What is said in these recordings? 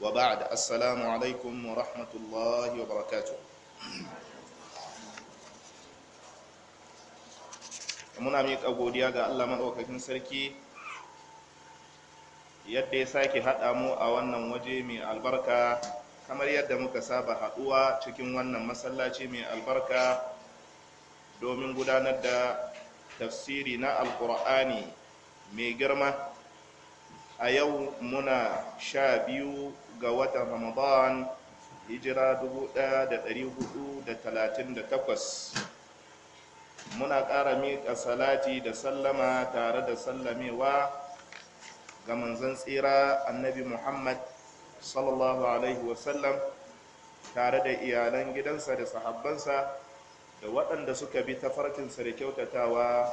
wa ba'd assalamu alaikum wa rahmatullahi wa barakatu. muna miƙa godiya ga Allah maɗaukakin sarki yadda ya sake haɗa mu a wannan waje mai albarka kamar yadda muka saba haɗuwa cikin wannan masallaci mai albarka domin gudanar da tafsiri na alƙur'ani mai girma a yau muna sha biyu ga watan ramadan hijira 1438 muna ƙara miƙa salati da sallama tare da sallamewa ga manzan tsira annabi muhammad sallallahu alaihi wasallam tare da iyalan gidansa da sahabbansa da waɗanda suka bi ta farkinsa da kyautatawa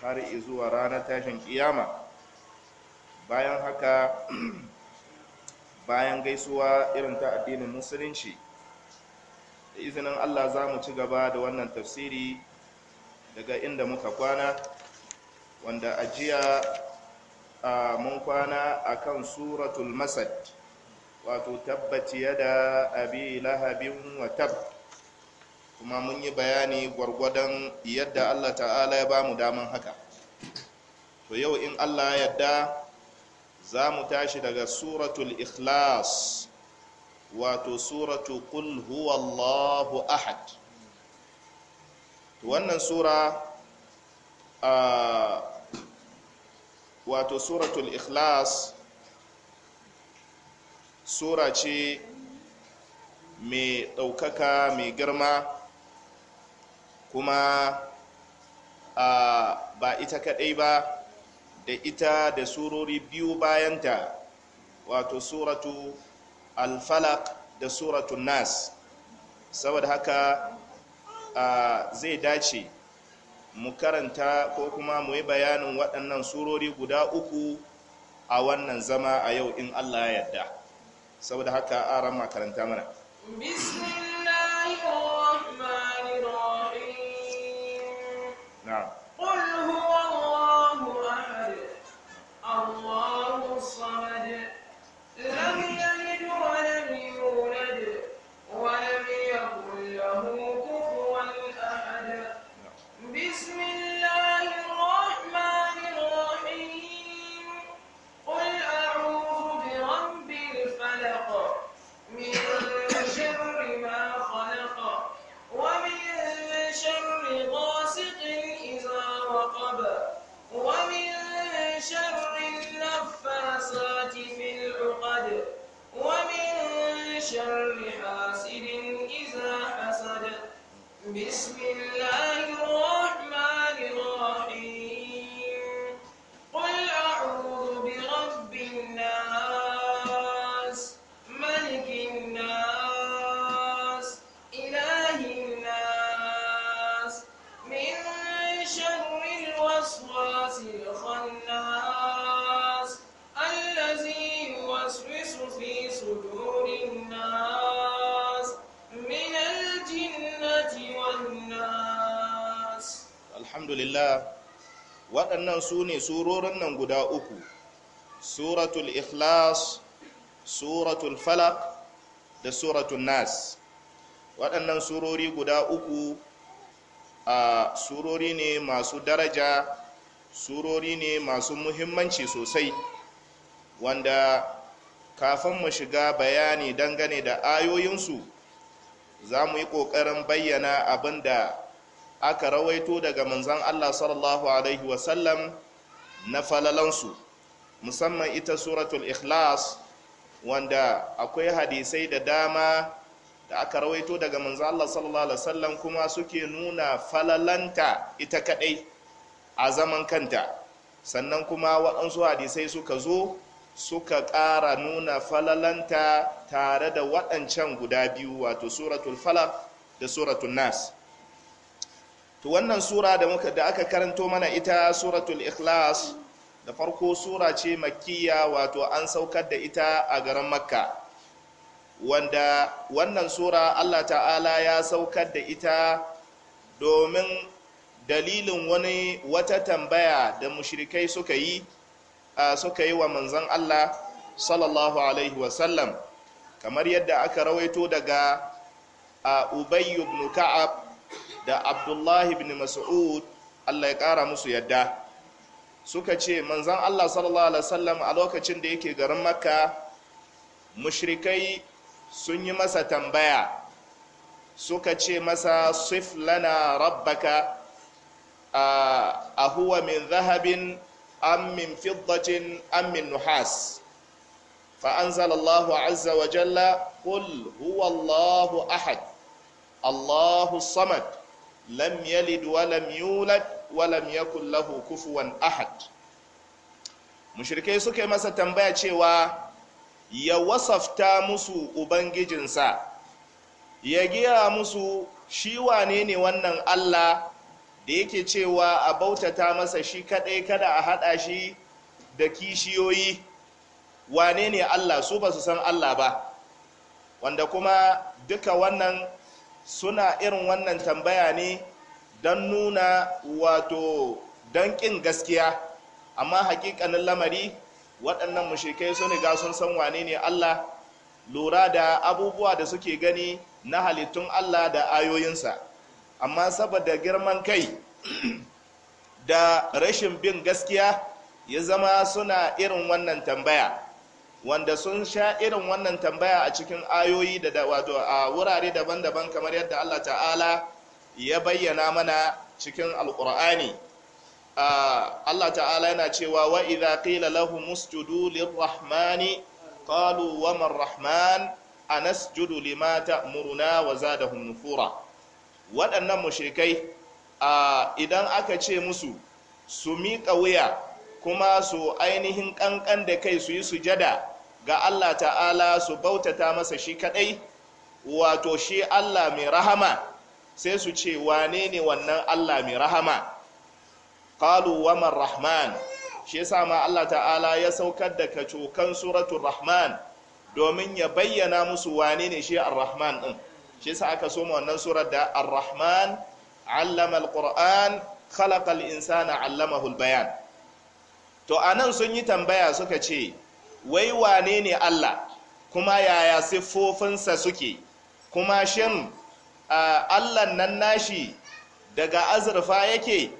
har izuwa ranar tashin ƙiyama. bayan haka bayan gaisuwa irin ta addinin musulunci da izinin Allah za mu ci gaba da wannan tafsiri daga inda muka kwana wanda ajiya a mun kwana akan suratul masad wato tabbaci da abi lahabin watab kuma mun yi bayani gwargwadon yadda Allah ta'ala ya ba mu daman haka to yau in Allah yadda za mu tashi daga suratul ikhlas wato suratu qul huwallahu ahad wannan sura wato suratul ikhlas sura ce mai ɗaukaka mai girma kuma ba ita kaɗai ba da ita da surori biyu bayanta wato suratu alfalak da suratu nas saboda haka zai dace mu karanta ko kuma mu yi bayanin waɗannan surori guda uku a wannan zama a yau in Allah ya yarda saboda haka aran makaranta mana bismillahirrahmanirrahim na'am بسم الله alhamdulillah waɗannan su ne surorin nan guda uku suratul ikhlas suratul falak da suratul nas waɗannan surori guda uku a surori ne masu daraja surori ne masu muhimmanci sosai wanda kafin mu shiga bayani dangane da ayoyinsu za mu yi ƙoƙarin bayyana abin da aka rawaito daga manzan Allah sallallahu alaihi wasallam na falalansu musamman ita suratul ikhlas wanda akwai hadisai da dama da aka rawaito daga manzan Allah sallallahu alaihi wasallam kuma suke nuna falalanta ita kadai a zaman kanta sannan kuma waɗansu hadisai suka zo suka ƙara nuna falalanta tare da waɗancan guda biyu wato suratul falak da suratul nas to wannan sura da aka karanto mana ita suratul ikhlas da farko sura ce makkiya wato an saukar da ita a garin makka wanda wannan sura Allah ta'ala ya saukar da ita domin dalilin wani wata tambaya da mushrikai suka yi suka yi wa manzon Allah sallallahu alaihi wasallam kamar yadda aka rawaito daga Ubay ibn Ka'ab da abdullahi ibn mas'ud Allah ya ƙara musu yadda suka ce manzan Allah sallallahu alaihi wasallam a lokacin da yake garin makka mushrikai sun yi masa tambaya suka ce masa sif lana rabbaka a huwa min zahabin am min fiddatin am min nuhas فأنزل Azza wa وجل قل huwa allahu أحد الله samad. lam yalid wa lam yulad wa lam yakul lahu kufuwan ahad mushrikai suka yi masa tambaya cewa ya wasafta musu ubangijinsa ya giya musu shi wane ne wannan Allah da yake cewa a bautata masa shi kadai kada a hada shi da kishiyoyi wane ne Allah su ba su san Allah ba wanda kuma duka wannan suna irin wannan tambaya ne don nuna wato don ƙin gaskiya amma hakikanin lamari waɗannan mushrikai sun riga sun san wane ne Allah lura da abubuwa da suke gani na halittun Allah da ayoyinsa amma saboda girman kai da rashin bin gaskiya ya zama suna irin wannan tambaya wanda sun sha irin wannan tambaya a cikin ayoyi da wato a wurare daban-daban kamar yadda Allah ta'ala ya bayyana mana cikin alƙur'ani Allah ta'ala yana cewa wa idza qila lahu usjudu lirrahmani qalu wa man rahman anasjudu lima ta'muruna wa zadahum nufura waɗannan mushrikai idan aka ce musu su miƙa wuya kuma su ainihin ƙanƙan da kai su yi sujada ga Allah ta'ala su bautata masa shi kadai wato shi Allah mai rahama sai su ce wane ne wannan Allah mai rahama qalu wa man rahman shi yasa ma Allah ta'ala ya saukar da kacokan suratul rahman domin ya bayyana musu wane ne shi ar-rahman din shi yasa aka soma wannan surar da ar-rahman allama al-qur'an khalaqa al-insana allamahu al-bayan to anan sun yi tambaya suka ce wai wane ne Allah kuma yaya siffofinsa suke kuma shin Allah nan nashi daga azurfa yake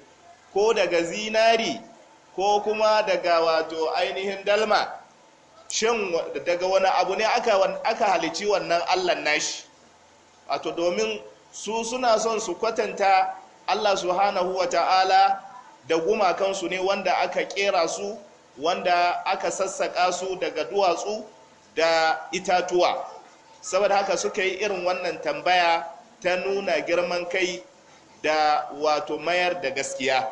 ko daga zinari ko kuma daga wato ainihin dalma shin daga wani abu ne aka halici wannan Allah nashi wato domin su suna son su kwatanta Allah subhanahu wa ta'ala da gumakansu ne wanda aka kera su wanda aka sassaƙa su daga duwatsu da itatuwa saboda haka suka yi irin wannan tambaya ta nuna girman kai da wato mayar da gaskiya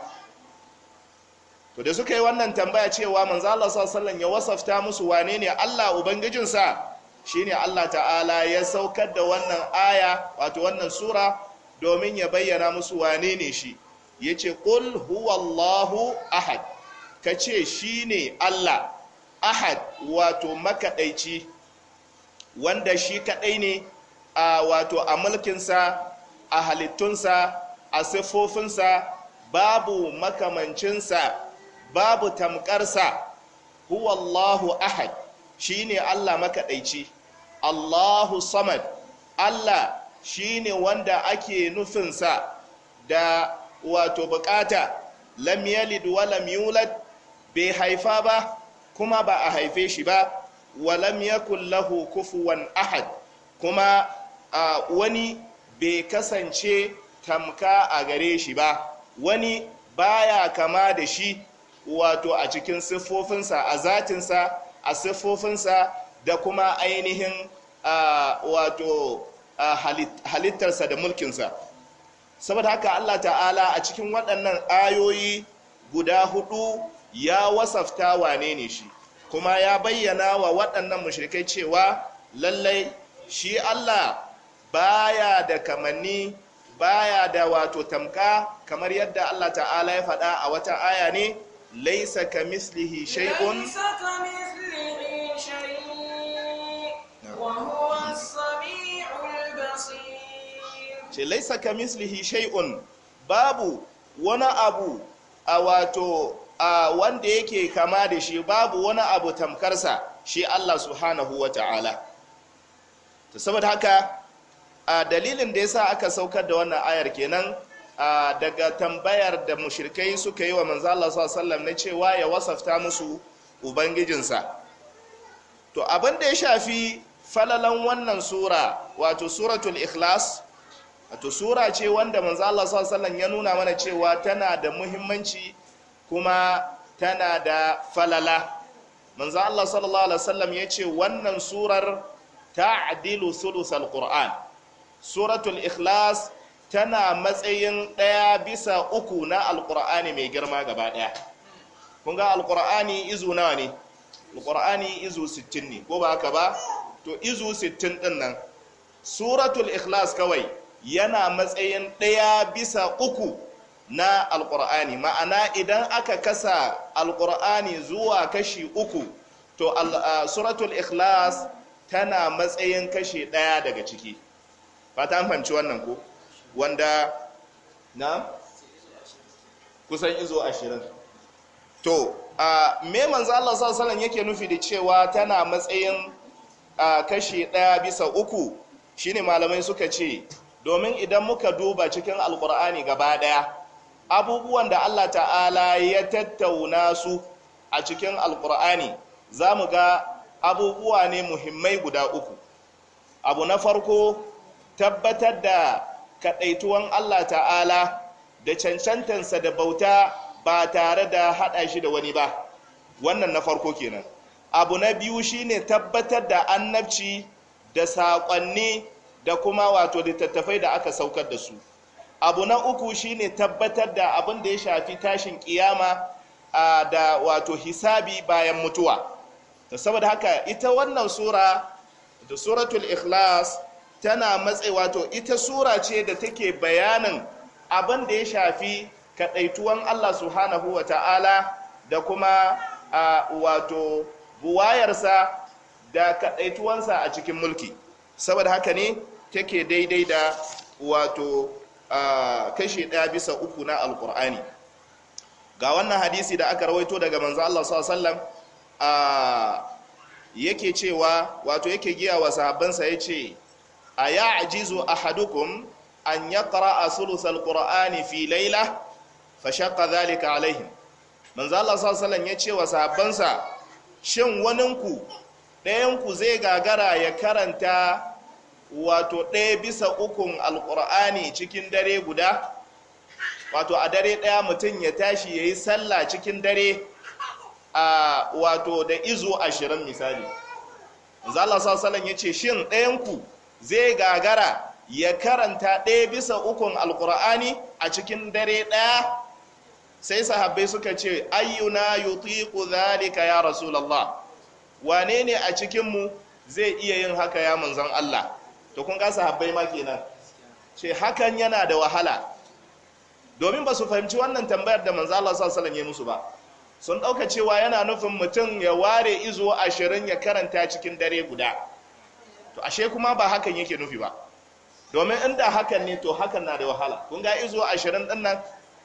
to da suka yi wannan tambaya cewa manzo Allah sallallahu ya wasafta musu wane ne Allah ubangijinsa shine Allah ta'ala ya saukar da wannan aya wato wannan sura domin ya bayyana musu wane ne shi yace qul huwallahu ahad ka ce shi ne Allah ahad wato makaɗaici wanda shi kaɗai ne a wato a mulkinsa a halittunsa a siffofinsa babu makamancinsa babu tamkarsa huwallahu ahad shi ne Allah makaɗaici Allahu samad Allah shi ne wanda ake nufinsa da wato bukata lam yalid wa lam yulad bai haifa ba kuma ba a haife shi ba walam ya kullahu kufuwan ahad kuma wani bai kasance tamka a gare shi ba wani baya kama da shi wato a cikin siffofinsa a zatinsa a siffofinsa da kuma ainihin wato halittarsa da mulkinsa saboda haka allah ta'ala a cikin waɗannan ayoyi guda hudu ya wasafta wane ne shi kuma ya bayyana wa waɗannan mushrikai cewa lallai shi Allah baya da kamanni baya da wato tamka kamar yadda Allah ta'ala ya faɗa a wata aya ne laisa ka mislihi shay'un ce laisa ka mislihi shay'un babu wani abu a wato wanda yake kama da shi babu wani abu tamkarsa shi Allah subhanahu wa ta'ala ta saboda haka a dalilin da ya sa aka saukar da wannan ayar kenan daga tambayar da mushrikai suka yi wa manzo Allah sallallahu sallam na cewa ya wasafta musu ubangijinsa to abin da ya shafi falalan wannan sura wato suratul ikhlas wato sura ce wanda manzo Allah ya nuna mana cewa tana da muhimmanci kuma tana da falala manzo Allah sallallahu alaihi wasallam yace wannan surar ta'dilu sulusal qur'an suratul ikhlas tana matsayin ɗaya bisa uku na alqur'ani mai girma gaba ɗaya kun ga alqur'ani izu nawa ne alqur'ani izu 60 ne ko ba haka ba to izu 60 din nan suratul ikhlas kawai yana matsayin ɗaya bisa uku na alkur'ani ma'ana idan aka kasa alkur'ani zuwa kashi uku to uh, suratul ikhlas tana matsayin kashi ɗaya daga ciki fata ta fahimci wannan ko wanda na kusan izo ashirin to a uh, me Allah sassanan yake nufi da cewa tana matsayin uh, kashi ɗaya bisa uku shine malamai suka ce domin idan muka duba cikin alkur'ani gaba ɗaya abubuwan da Allah ta'ala ya tattauna su a cikin alkur'ani za mu ga abubuwa ne muhimmai guda uku abu na farko tabbatar da kaɗaituwan Allah ta'ala da cancantansa da bauta ba tare da haɗa shi da wani ba wannan na farko kenan abu na biyu shine tabbatar da annabci da saƙonni da kuma wato littattafai da aka saukar da su abu na uku shine tabbatar da abin da ya shafi tashin kiyama da wato hisabi bayan mutuwa saboda haka ita wannan sura da suratul ikhlas tana matsayi wato ita sura ce da take bayanin abin da ya shafi kadaituwan Allah subhanahu wa ta'ala da kuma wato buwayarsa da kadaituwansa a cikin mulki saboda haka ne take daidai da wato kashi ɗaya bisa uku na alkur'ani ga wannan hadisi da aka rawaito daga manzo Allah sallallahu yake cewa wato yake giya wa sahabbansa yace a a ahadukum an yaqra'a thuluth alqur'ani fi layla fashaqqa dhalika alaihim manzo Allah sallallahu alaihi yace wa sahabbansa shin waninku ɗayanku zai gagara ya karanta wato ɗaya bisa ukun alƙur'ani cikin dare guda wato a dare ɗaya mutum ya tashi ya yi sallah cikin dare a wato da izo ashirin misali zala salon ya ce shin ɗayanku zai gagara ya karanta ɗaya bisa ukun alƙur'ani a cikin dare ɗaya sai sahabbai suka ce ayyuna yutiqu zalika ya rasulullah wane ne a cikinmu zai iya yin haka ya manzon Allah to kun ga sahabbai ma kenan ce hakan yana da wahala domin ba su fahimci wannan tambayar da manzo Allah sallallahu alaihi ya musu ba sun dauka cewa yana nufin mutum ya ware izo ashirin ya karanta cikin dare guda to ashe kuma ba hakan yake nufi ba domin inda hakan ne to hakan na da wahala kun ga izo ashirin din nan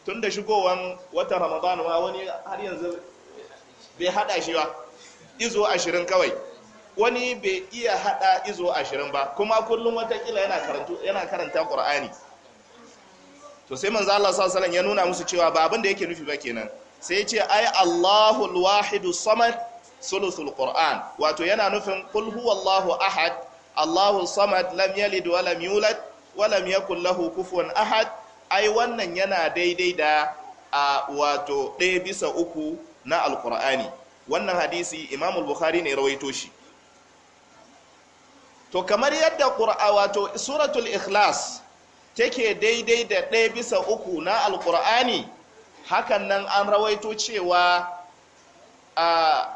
tun da shigowan watan ramadan ma wani har yanzu bai hada shi ba izo ashirin kawai wani bai iya hada izo ashirin ba kuma kullum watakila yana karanta Kur'ani to sai manzo Allah sallallahu ya nuna musu cewa ba abin da yake nufi ba kenan sai ya ce ai Allahu al-wahidu samad sulusul qur'an wato yana nufin qul huwallahu ahad Allahu samad lam yalid wa lam yulad wa lam yakul lahu kufuwan ahad ai wannan yana daidai da wato ɗaya bisa uku na alqur'ani wannan hadisi Imam al-Bukhari ne rawaito shi to kamar yadda ƙura'a wato suratul ikhlas take daidai da ɗaya bisa uku na alƙur'ani hakan nan an rawaito cewa a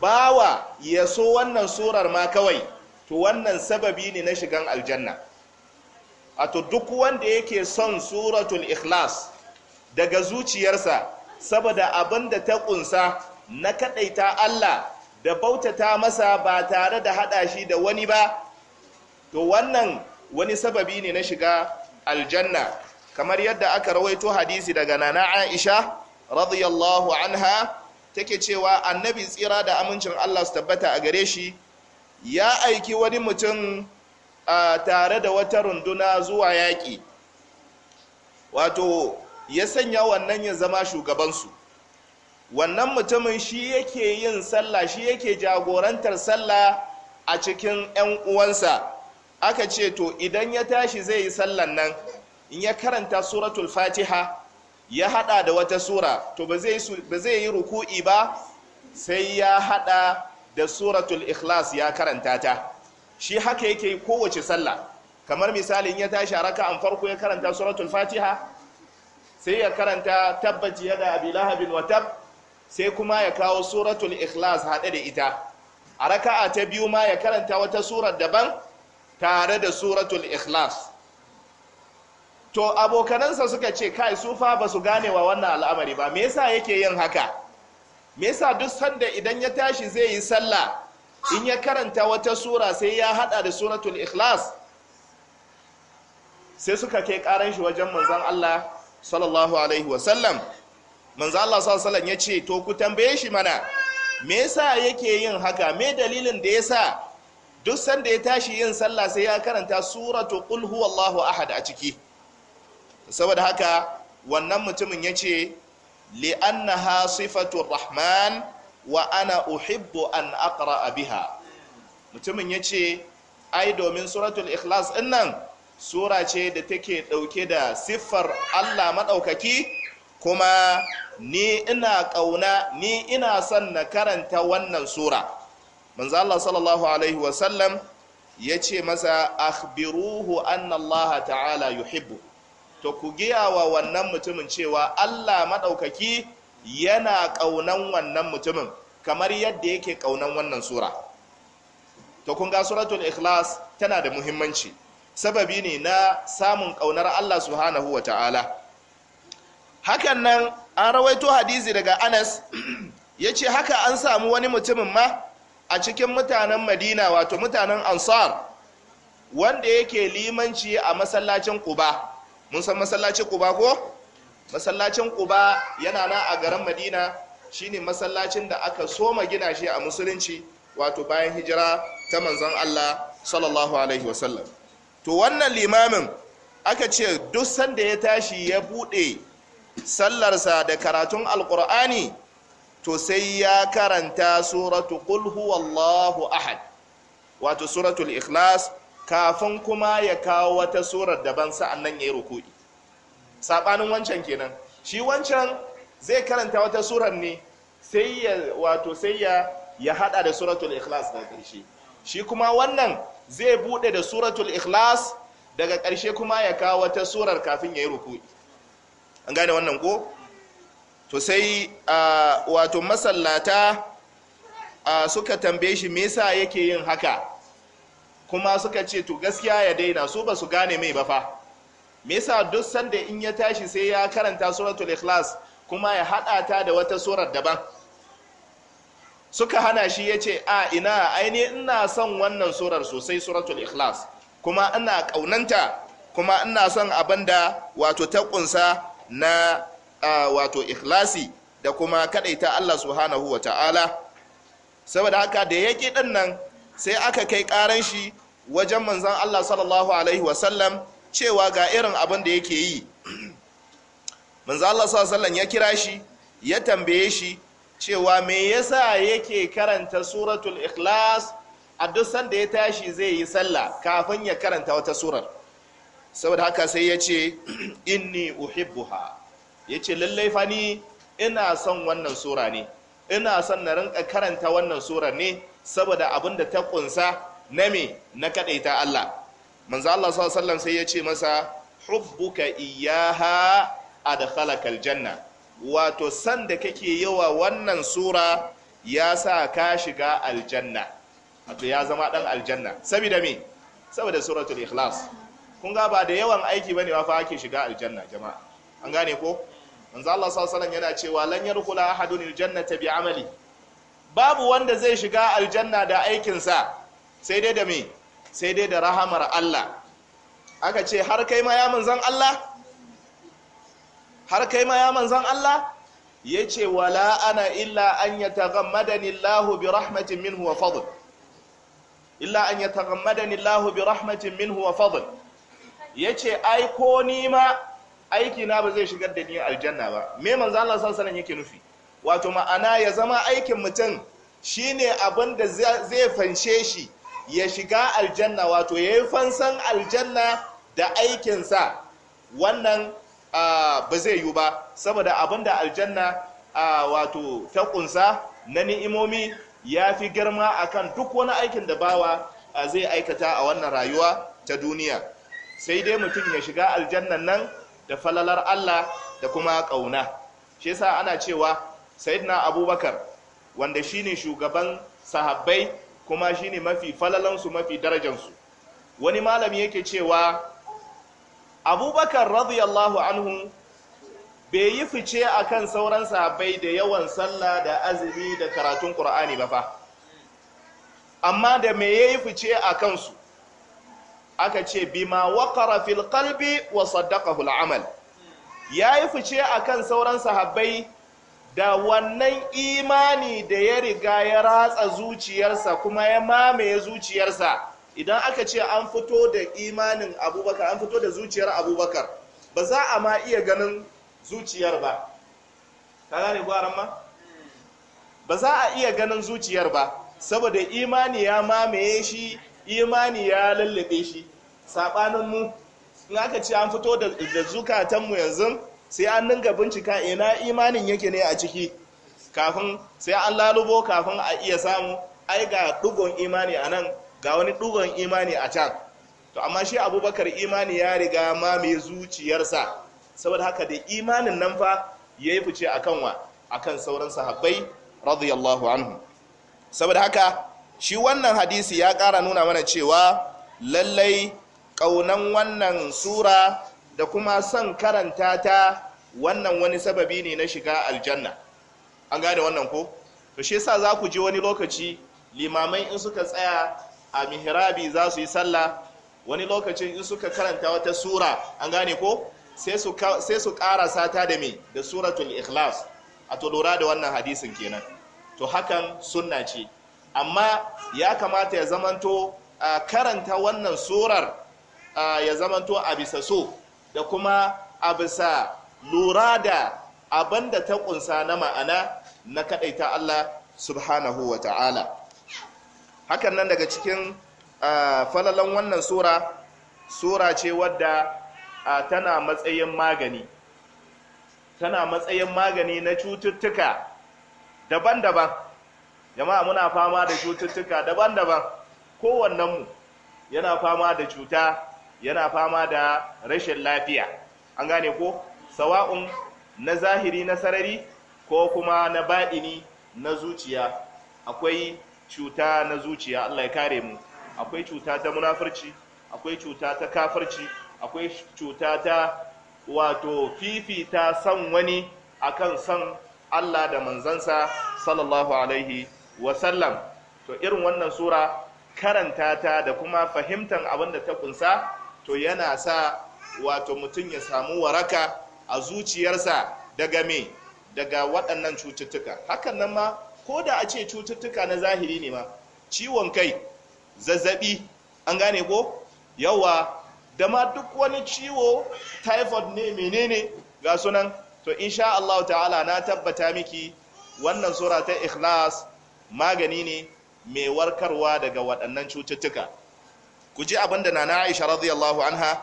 bawa ya so wannan surar ma kawai to wannan sababi ne na shigan aljanna a to duk wanda yake son suratul ikhlas daga zuciyarsa saboda abin da ta ƙunsa na kaɗaita allah da bautata masa ba tare da hada shi da wani ba to wannan wani sababi ne na shiga aljanna kamar yadda aka rawaito hadisi daga nana Aisha radiyallahu anha take cewa annabi tsira da amincin Allah su tabbata a gare shi ya aiki wani mutum tare da wata runduna zuwa yaƙi wato ya sanya wannan ya zama shugabansu wannan mutumin shi yake yin sallah shi yake jagorantar sallah a cikin 'yan uwansa aka ce to idan ya tashi zai yi sallan nan in ya karanta suratul fatiha ya hada da wata sura to ba zai yi ruku'i ba sai ya hada da suratul ikhlas ya karanta ta shi haka yake kowace sallah kamar misali in ya tashi a raka raka'an farko ya karanta suratul fatiha sai ya karanta tabbaci yada abi lahabin wa sai kuma ya kawo suratul ikhlas haɗe da ita a raka'a ta biyu ma ya karanta wata surar daban tare da suratul ikhlas to abokanansa suka ce kai su fa ba su gane wa wannan al'amari ba me yasa yake yin haka me yasa duk sanda idan ya tashi zai yi sallah in ya karanta wata sura sai ya hada da suratul ikhlas sai suka kai karan shi wajen manzon Allah sallallahu alaihi manzo Allah sallallahu alaihi ya ce to ku tambaye shi mana me yasa yake yin haka me dalilin da yasa duk sanda ya tashi yin sallah sai ya karanta suratu qul huwallahu ahad a ciki saboda haka wannan mutumin yace ce li'annaha sifatu rahman wa ana uhibbu an aqra biha mutumin yace ce ai domin suratul ikhlas din nan sura ce da take ɗauke da siffar Allah maɗaukaki kuma ni ina ƙauna ni ina son na karanta wannan sura manzo Allah sallallahu alaihi wasallam ya ce masa akhbiruhu anna Allah ta'ala yuhibbu to ku wa wannan mutumin cewa Allah maɗaukaki yana ƙaunan wannan mutumin kamar yadda yake ƙaunan wannan sura to kun ga suratul ikhlas tana da muhimmanci sababi ne na samun ƙaunar Allah subhanahu wa ta'ala hakan nan an rawaito hadizi daga anas ya ce haka an samu wani mutumin ma a cikin mutanen madina wato mutanen ansar wanda yake limanci a masallacin kuba mun san masallacin kuba ko masallacin kuba yana na a garin madina shine masallacin da aka soma gina shi a musulunci wato bayan hijira ta manzon allah sallallahu alaihi wasallam to wannan limamin aka ce duk sanda ya tashi ya bude sallarsa da karatun alkur'ani to sai ya karanta suratu qul Allahu ahad wato suratul ikhlas kafin kuma ya kawo wata surar daban sa'annan yi rukuɗi Saɓanin wancan kenan shi wancan zai karanta wata surar ne sai ya wato sai ya ya hada da suratul ikhlas daga ƙarshe shi kuma wannan zai buɗe da suratul ikhlas daga ƙarshe kuma ya kawo wata surar kafin ya yi rukuɗi an gane wannan ko to sai wato masallata suka tambaye shi me yasa yake yin haka kuma suka ce to gaskiya ya daina su ba su gane mai ba fa me yasa duk sanda in ya tashi sai ya karanta suratul ikhlas kuma ya hada ta da wata surar daban suka hana shi ya ce a ina aini ina son wannan surar sosai suratul ikhlas kuma ina kaunanta kuma ina son abin da wato ta kunsa na wato ikhlasi da kuma kadaita Allah subhanahu ta'ala saboda haka da yake din nan sai aka kai karan shi wajen manzon Allah sallallahu alaihi sallam cewa ga irin abin da yake yi manzon Allah sallallahu alaihi ya kira shi ya tambaye shi cewa me yasa yake karanta suratul ikhlas a duk sanda ya tashi zai yi sallah kafin ya karanta wata surar saboda haka sai ya ce inni uhibbuha ya ce lallai fani ina son wannan sura ne ina son na rinka karanta wannan sura ne saboda abin da ta kunsa na me na kadaita Allah manzo Allah sallallahu alaihi wasallam sai ya ce masa hubbuka iyyaha adkhalaka aljanna wato san da kake yawa wannan sura ya sa ka shiga aljanna wato ya zama dan aljanna saboda me saboda suratul ikhlas kun ga ba da yawan aiki bane ma fa ake shiga aljanna jama'a an gane ko manzo Allah sallallahu alaihi yana cewa lan yarkula ahadun aljannata bi amali babu wanda zai shiga aljanna da aikin sa sai dai da me sai dai da rahamar Allah aka ce har kai ma ya manzan Allah har kai ma ya manzan Allah ya ce wala ana illa an ya tagammadani Allahu bi rahmatin minhu wa fadl illa an ya tagammadani Allahu bi rahmatin minhu wa fadl ya ce ai ko ni ma aiki na ba zai shigar da ni aljanna ba me manzo Allah sallallahu alaihi yake nufi wato ma'ana ya zama aikin mutum shine abin da zai fanshe shi ya shiga aljanna wato ya yi fansan aljanna da aikinsa wannan ba zai yi ba saboda abin da aljanna wato taƙunsa na ni'imomi ya fi girma akan duk wani aikin da bawa zai aikata a wannan rayuwa ta duniya sai dai mutum ya shiga aljannan nan da falalar Allah da kuma ƙauna shi yasa ana cewa sayyidina abubakar wanda shine shugaban sahabbai kuma shine mafi falalansu mafi darajansu wani malami yake cewa abubakar radiyallahu anhu bai yi fice a kan sauran sahabbai da yawan sallah da azumi da karatun qur'ani ba fa amma da me ya yi fice a kansu aka ce bima waƙara fil qalbi wa sadaka al-amal yi fice a kan sauran sahabbai da wannan imani da ya riga ya ratsa zuciyarsa kuma ya mamaye zuciyarsa idan aka ce an fito da imanin abubakar an fito da zuciyar abubakar ba za a ma iya ganin zuciyar ba gane gwaran ma ba za a iya ganin zuciyar ba saboda imani ya mamaye shi imani ya lallabe shi sabanin mu in aka ce an fito da zukatan mu yanzu sai an dinga bincika ina imanin yake ne a ciki kafin sai an lalubo kafin a iya samu ai ga dugon imani a nan ga wani dugon imani a can to amma shi abubakar imani ya riga ma mai zuciyarsa saboda haka da imanin nan fa ya yi fice a kanwa a kan sauran sahabbai radiyallahu anhu saboda haka shi wannan hadisi ya ƙara nuna mana cewa lallai ƙaunan wannan sura da kuma son karanta ta wannan wani sababi ne na shiga aljanna an gane wannan ko to shi yasa za ku ji wani lokaci limamai in suka tsaya a mihrabi za su yi sallah wani lokacin in suka karanta wata sura an gane ko sai su kara sata da me da suratul ikhlas a to lura da wannan hadisin kenan to hakan sunna ce amma ya kamata ya zamanto a karanta wannan surar ya zamanto a bisa so da kuma a bisa lura da abin da ta kunsa na ma'ana na kadaita Allah subhanahu wa ta'ala hakan nan daga cikin falalan wannan sura sura ce wadda tana matsayin magani tana matsayin magani na cututtuka daban-daban jama'a muna fama da cututtuka daban-daban mu yana fama da cuta yana fama da rashin lafiya an gane ko sawa'un na zahiri na sarari ko kuma na baɗini na zuciya akwai cuta na zuciya Allah ya kare mu akwai cuta ta munafurci akwai cuta ta kafirci akwai cuta ta wato fifita san wani akan son Allah da manzansa sallallahu alaihi wasallam to irin wannan sura karanta ta da kuma fahimtar abin da ta kunsa to yana sa wato mutum ya samu waraka a zuciyarsa daga me daga waɗannan cututtuka hakan nan ma ko da a ce cututtuka na zahiri ne ma ciwon kai zazzaɓi. an gane ko yawa da ma duk wani ciwo typhoid ne menene ga sunan to insha Allah ta'ala na tabbata miki wannan sura ta ikhlas magani ne mai warkarwa daga waɗannan cututtuka ku ji abin da nana aisha radiyallahu anha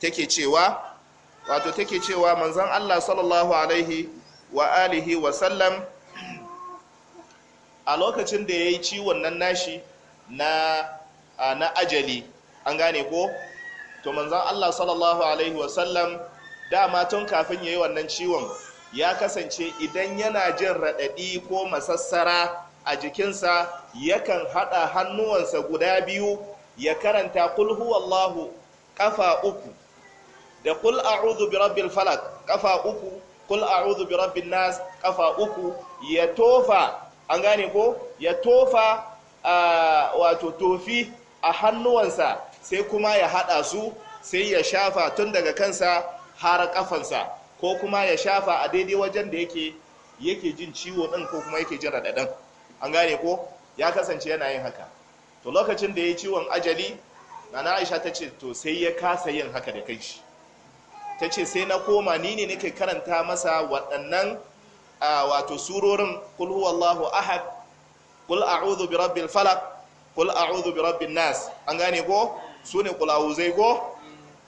take cewa wato take cewa manzan Allah sallallahu alaihi wa alihi wa sallam a lokacin da ya yi ciwon nan nashi na na ajali an gane ko to manzan Allah sallallahu alaihi wa sallam dama tun kafin ya yi wannan ciwon ya kasance idan yana jin radadi ko masassara a jikinsa yakan haɗa hannuwansa guda biyu ya karanta kul Allahu kafa uku da kul a'udhu bi rabbil falak kafa uku kul a'udhu bi rabbin nas kafa uku ya tofa an gane ko ya tofa wato tofi a hannuwansa sai kuma ya haɗa su sai ya shafa tun daga kansa har ƙafansa ko kuma ya shafa a daidai wajen da yake yake jin ciwo ɗin ko kuma yake jin raɗaɗin an gane ko ya kasance yana yin haka to lokacin da ya ciwon ajali nana aisha ta ce to sai ya kasa yin haka da kanshi ta ce sai na koma ni ne nake karanta masa waɗannan wato surorin kul huwallahu ahad kul a'udhu bi rabbil falaq kul a'udhu bi rabbin nas an gane ko su ne kulawuzai ko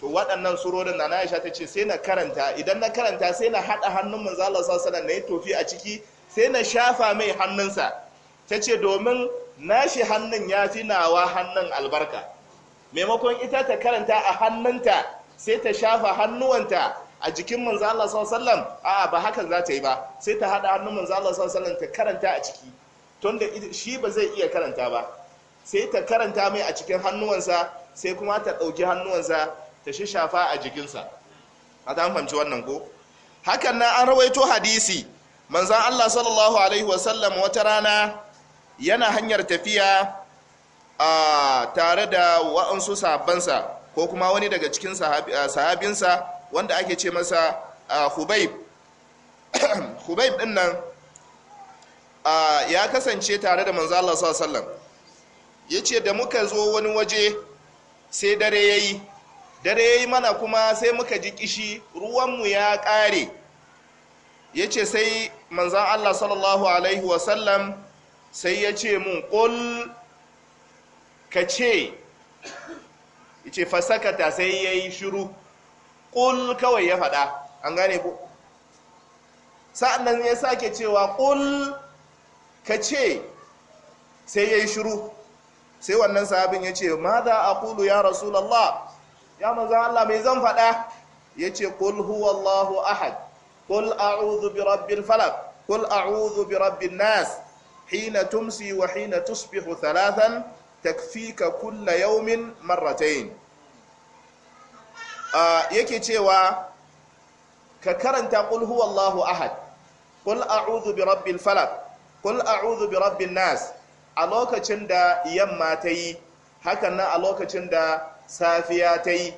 to waɗannan surorin na Aisha ta ce sai na karanta idan na karanta sai na haɗa hannun manzo Allah sallallahu alaihi wasallam na yi tofi a ciki sai na shafa mai hannunsa ta ce domin nashi hannun ya fi nawa hannun albarka maimakon ita ta karanta a hannunta sai ta shafa hannuwanta a jikin manzo Allah sallallahu a'a ba hakan za ta yi ba sai ta hada hannun manzo Allah sallallahu ta karanta a ciki tunda shi ba zai iya karanta ba sai ta karanta mai a cikin hannuwansa sai kuma ta dauki hannuwansa ta shi shafa a jikin sa a dan fahimci wannan ko hakan na an rawaito hadisi manzo Allah sallallahu alaihi wasallam wata rana yana hanyar tafiya a tare da wa'ansu sahabbansa ko kuma wani daga cikin sahabinsa wanda ake ce masa hubaib hubaib din nan ya kasance tare da manzo Allah Sallam. ya ce da muka zo wani waje sai dare ya yi. dare ya yi mana kuma sai muka ji kishi ruwanmu ya kare. ya ce sai manzan Allah sallallahu alaihi wasallam sai ya ce mun ƙul ka ce ce fasakata sai ya yi shiru ƙul kawai ya faɗa an gane ko sa'annan ya sake cewa ƙul ka ce sai ya yi shiru sai wannan sahabin ya ce ma za a ƙulu ya rasulallah ya maza Allah mai zan faɗa ya ce ƙul huwallahu ahad ƙul a'udhu bi rabbil falak ƙul a'udhu bi rabbin nas hina tumsi wa hina tusbihu thalathan takfika kulla yaumin marratain ah, yake cewa ka karanta qul huwallahu ahad qul a'udhu bi rabbil falaq qul a'udhu bi rabbin nas a lokacin da yamma ta yi hakan nan a lokacin da safiya ta yi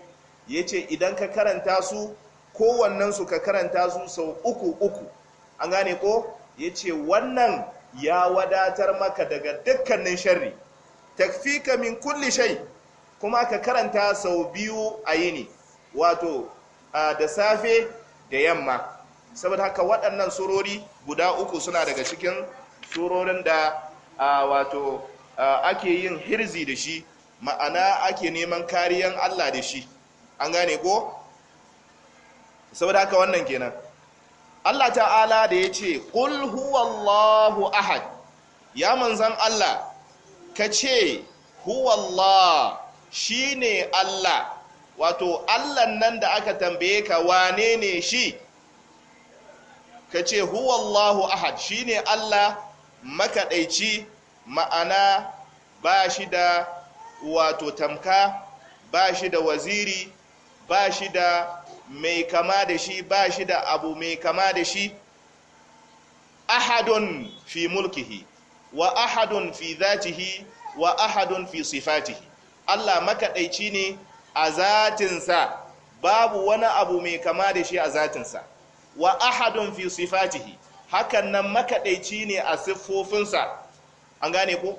yace idan ka karanta su kowannen su ka karanta su sau uku uku an gane ko yace wannan ya wadatar maka daga dukkanin sharri takfika min kulli shay kuma ka karanta sau biyu a yini wato da safe da yamma saboda haka waɗannan surori guda uku suna daga cikin surorin da wato ake yin hirzi da shi ma'ana ake neman kariyan Allah da shi an gane ko saboda haka wannan kenan Allah ta'ala da ya ce ƙul huwallahu ahad ya manzan Allah ka ce huwallah shi ne Allah wato Allah nan da aka tambaye ka wane ne shi ka ce huwallahu ahad shi ne Allah makaɗaici ma'ana ba shi da wato tamka ba shi da waziri ba shi da mai kama da shi ba shi da abu mai kama da shi ahadun fi mulkihi wa ahadun fi zatihi wa ahadun fi sifatihi Allah makaɗaici ne a zatinsa babu wani abu mai kama da shi a zatinsa wa ahadun fi sifatihi hakan nan makaɗaici ne a siffofinsa an gane ku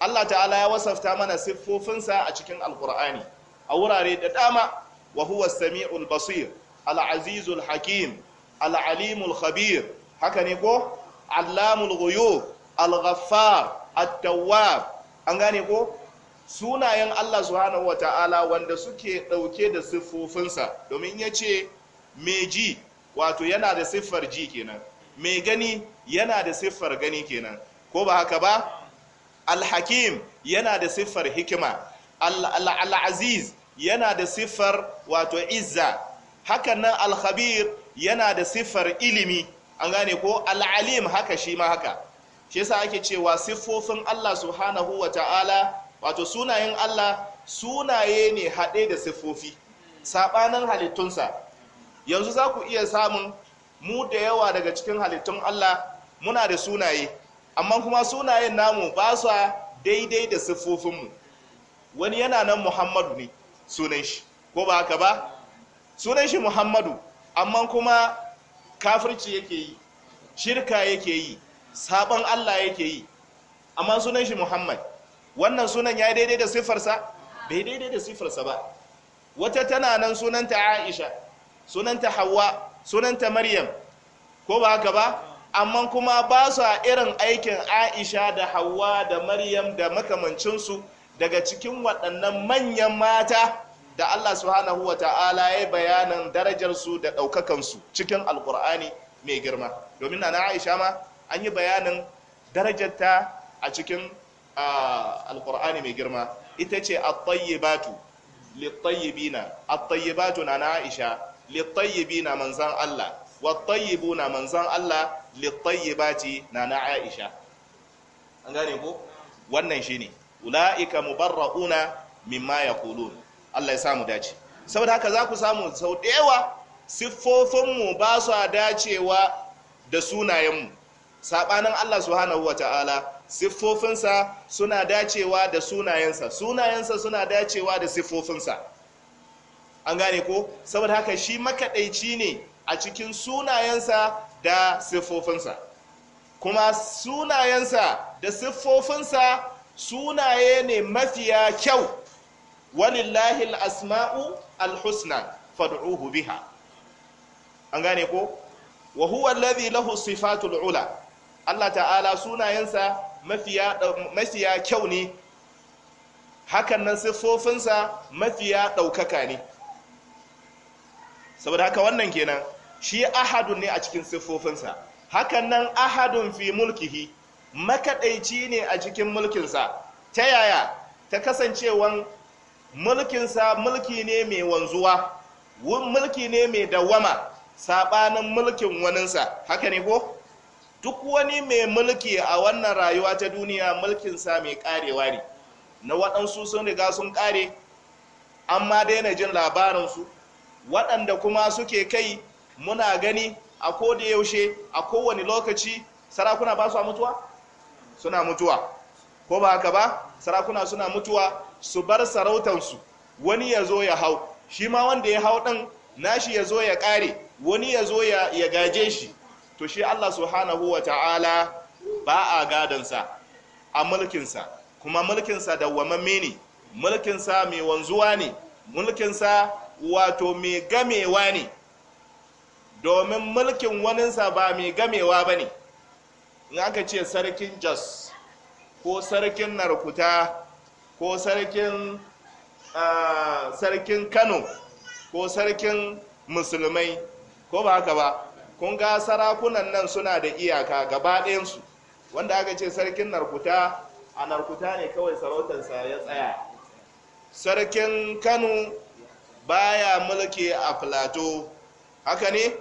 Allah ta'ala ya wasafta mana siffofinsa a cikin alkur'ani a wurare da dama wa huwa samiul basir Al'Azizu azizul hakim al-alimul khabir haka ne ko allamul ghuyub al-ghaffar an gane ko sunayen Allah subhanahu wanda suke ɗauke da siffofinsa domin ya ce mai ji wato yana da siffar ji kenan mai gani yana da siffar gani kenan ko ba haka ba alhakim yana da siffar hikima al'aziz yana da siffar wato izza hakan nan alkhabir yana da siffar ilimi an gane ko al'alim haka shi ma haka shi yasa ake cewa siffofin Allah subhanahu wa ta'ala wato sunayen Allah sunaye ne haɗe da siffofi Sabanan halittunsa yanzu za ku iya samun mu da yawa daga cikin halittun Allah muna da sunaye amma kuma sunayen namu ba su daidai da siffofinmu wani yana nan muhammadu ne sunan shi ko ba haka ba sunan shi muhammadu amma kuma kafirci yake yi shirka yake yi sabon allah yake yi amma sunan shi muhammad wannan sunan ya daidai da siffarsa bai daidai da siffarsa ba wata tana nan sunanta aisha sunanta hawa sunanta maryam ko ba haka ba amma kuma ba su a irin aikin aisha da hawa da maryam da makamancinsu daga cikin waɗannan manyan mata da Allah subhanahu wa ta'ala ya bayanan darajarsu da ɗaukakansu cikin alkur'ani mai girma domin na aisha ma an yi bayanin darajarta a cikin alkur'ani mai girma ita ce at-tayyibatu lit-tayyibina tayyibatu na aisha lit manzan Allah wat na manzan Allah lit na na aisha an gane ko wannan shine ulaika mubarrauna mimma yaqulun Allah ya samu dace saboda haka za ku samu sau da yawa siffofinmu ba su dacewa da sunayenmu saɓanin Allah subhanahu wa ta'ala siffofinsa suna dacewa da sunayensa sunayensa suna dacewa da siffofinsa an gane ko saboda haka shi makaɗaici ne a cikin sunayensa da siffofinsa kuma sunayensa da siffofinsa sunaye ne mafiya kyau walillahi asmau al-husna fad'uhu biha an gane ko wa huwa alladhi lahu sifatul ula Allah ta'ala sunayensa mafiya kyau ne hakan nan siffofinsa mafiya ɗaukaka ne saboda haka wannan kenan shi ahadun ne a cikin siffofinsa hakan nan ahadun fi mulkihi makaɗaici ne a cikin mulkinsa ta yaya ta kasancewan mulkinsa mulki ne mai wanzuwa mulki ne mai dawama sabanin mulkin waninsa haka ne ko duk wani mai mulki a wannan rayuwa ta duniya mulkinsa mai karewa ne na waɗansu sun riga sun kare amma daina jin labarinsu waɗanda kuma suke kai muna gani a da yaushe a kowane lokaci sarakuna ba su mutuwa suna mutuwa ko ba haka ba sarakuna suna mutuwa su bar sarautansu wani ya zo ya hau shi ma wanda ya hau ɗan nashi ya zo ya ƙare wani ya zo ya gaje shi to shi Allah subhanahu wa ta'ala ba a gadansa a mulkinsa kuma mulkinsa dawwamamme ne mulkinsa mai wanzuwa ne mulkinsa wato mai gamewa ne domin mulkin waninsa ba mai gamewa ba ne in aka ce sarkin jos ko sarkin narkuta ko sarkin kano ko sarkin musulmai ko ba haka ba kun ga sarakunan nan suna da iyaka gaba ɗayansu wanda aka ce sarkin narkuta a narkuta ne kawai sarautarsa ya tsaya sarkin kano baya mulki a plato haka ne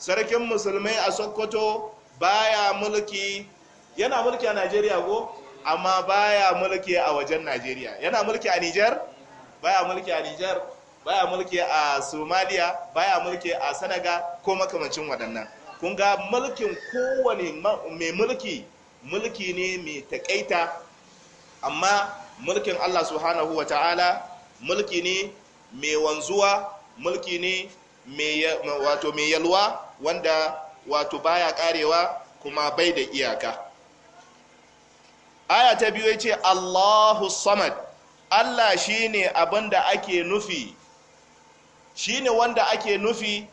sarkin musulmai a sokoto baya mulki yana mulki a najeriya ko amma baya mulki a wajen Najeriya yana mulki a Niger baya mulki a Niger baya mulki a Somalia baya mulki a Senegal ko makamancin waɗannan kun ga mulkin kowane mai mulki mulki ne mai takaita amma mulkin Allah subhanahu wa ta'ala mulki ne mai wanzuwa mulki ne mai yalwa wanda wato baya karewa kuma bai da iyaka aya ta biyu ce Allahu samad Allah shine da ake nufi shine wanda ake nufi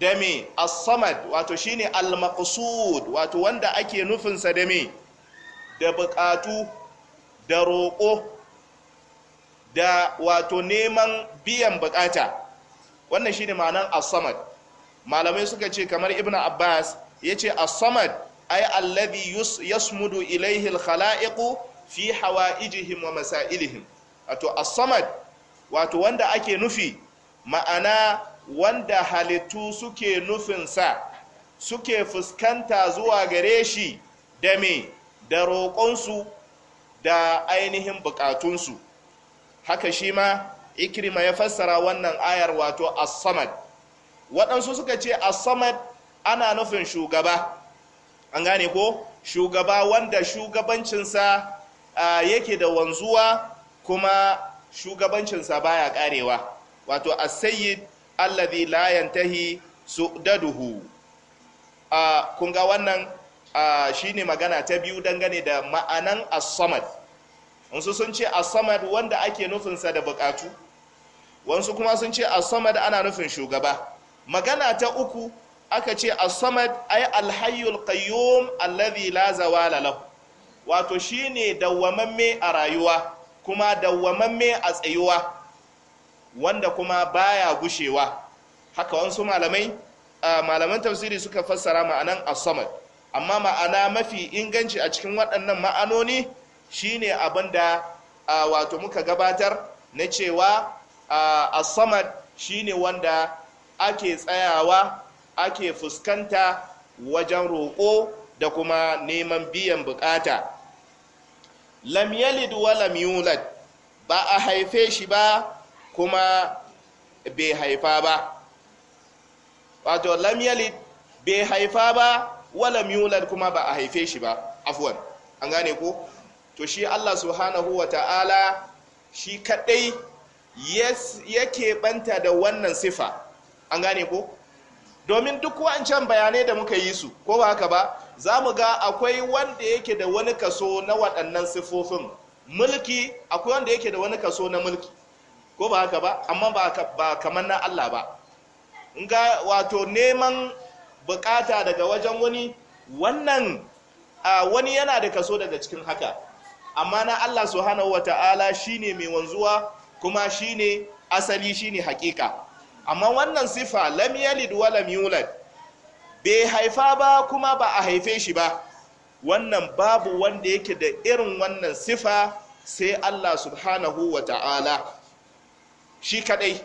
da me as-samad wato shine al-maqsud wato wanda ake nufinsa da me da buƙatu da roƙo da wato neman biyan buƙata wannan shine ma'anar as-samad malamai suka ce kamar ibnu abbas yace as-samad Ai alladhi yasmudu ilayhi al fi hawa'ijihim wa masailihim wato as-samad wato wanda ake nufi ma'ana wanda halittu suke nufinsa suke fuskanta zuwa gare shi da me da roƙonsu da ainihin buƙatunsu haka shi ma ikrima ya fassara wannan ayar wato as-samad waɗansu suka ce as-samad ana nufin shugaba an gane ko shugaba wanda shugabancinsa yake da wanzuwa kuma shugabancinsa baya karewa wato a sayyid allazi la su su'daduhu kun ga wannan shine magana ta biyu dangane da ma'anan asamad samad wasu sun ce asamad wanda ake nufinsa da bukatu wasu kuma sun ce asamad samad ana nufin shugaba magana ta uku aka ce as-samad ay al-hayyul qayyum alladhi la zawala lahu wato shine dawwamamme a rayuwa kuma dawwamamme a tsayuwa wanda kuma baya gushewa haka wasu malamai malaman tafsiri suka fassara ma'anan as-samad amma ma'ana mafi inganci a cikin waɗannan ma'anoni shine abin da wato muka gabatar na cewa as-samad shine wanda ake tsayawa ake fuskanta wajen roƙo da kuma neman biyan bukata lam yalid wa lam yulad ba a haife shi ba kuma bai haifa ba wato lam yalid bai haifa ba wa lam yulad kuma ba a haife shi ba afwan an gane ko to shi Allah subhanahu wa ta'ala shi kadai yake banta da wannan sifa an gane ko domin duk wancan bayanai da muka yi su ko ba haka ba za mu ga akwai wanda yake da wani kaso na waɗannan siffofin mulki akwai wanda yake da wani kaso na mulki ko ba haka ba amma ba kamar na Allah ba ga wato neman bukata daga wajen wani wannan wani yana da kaso daga cikin haka amma na Allah subhanahu wata'ala shine mai wanzuwa kuma shine asali shine hakika amma wannan sifa lam yalid wa lam yulad bai haifa ba kuma ba a haife shi ba wannan babu wanda yake da irin wannan sifa sai Allah subhanahu wa ta'ala shi kadai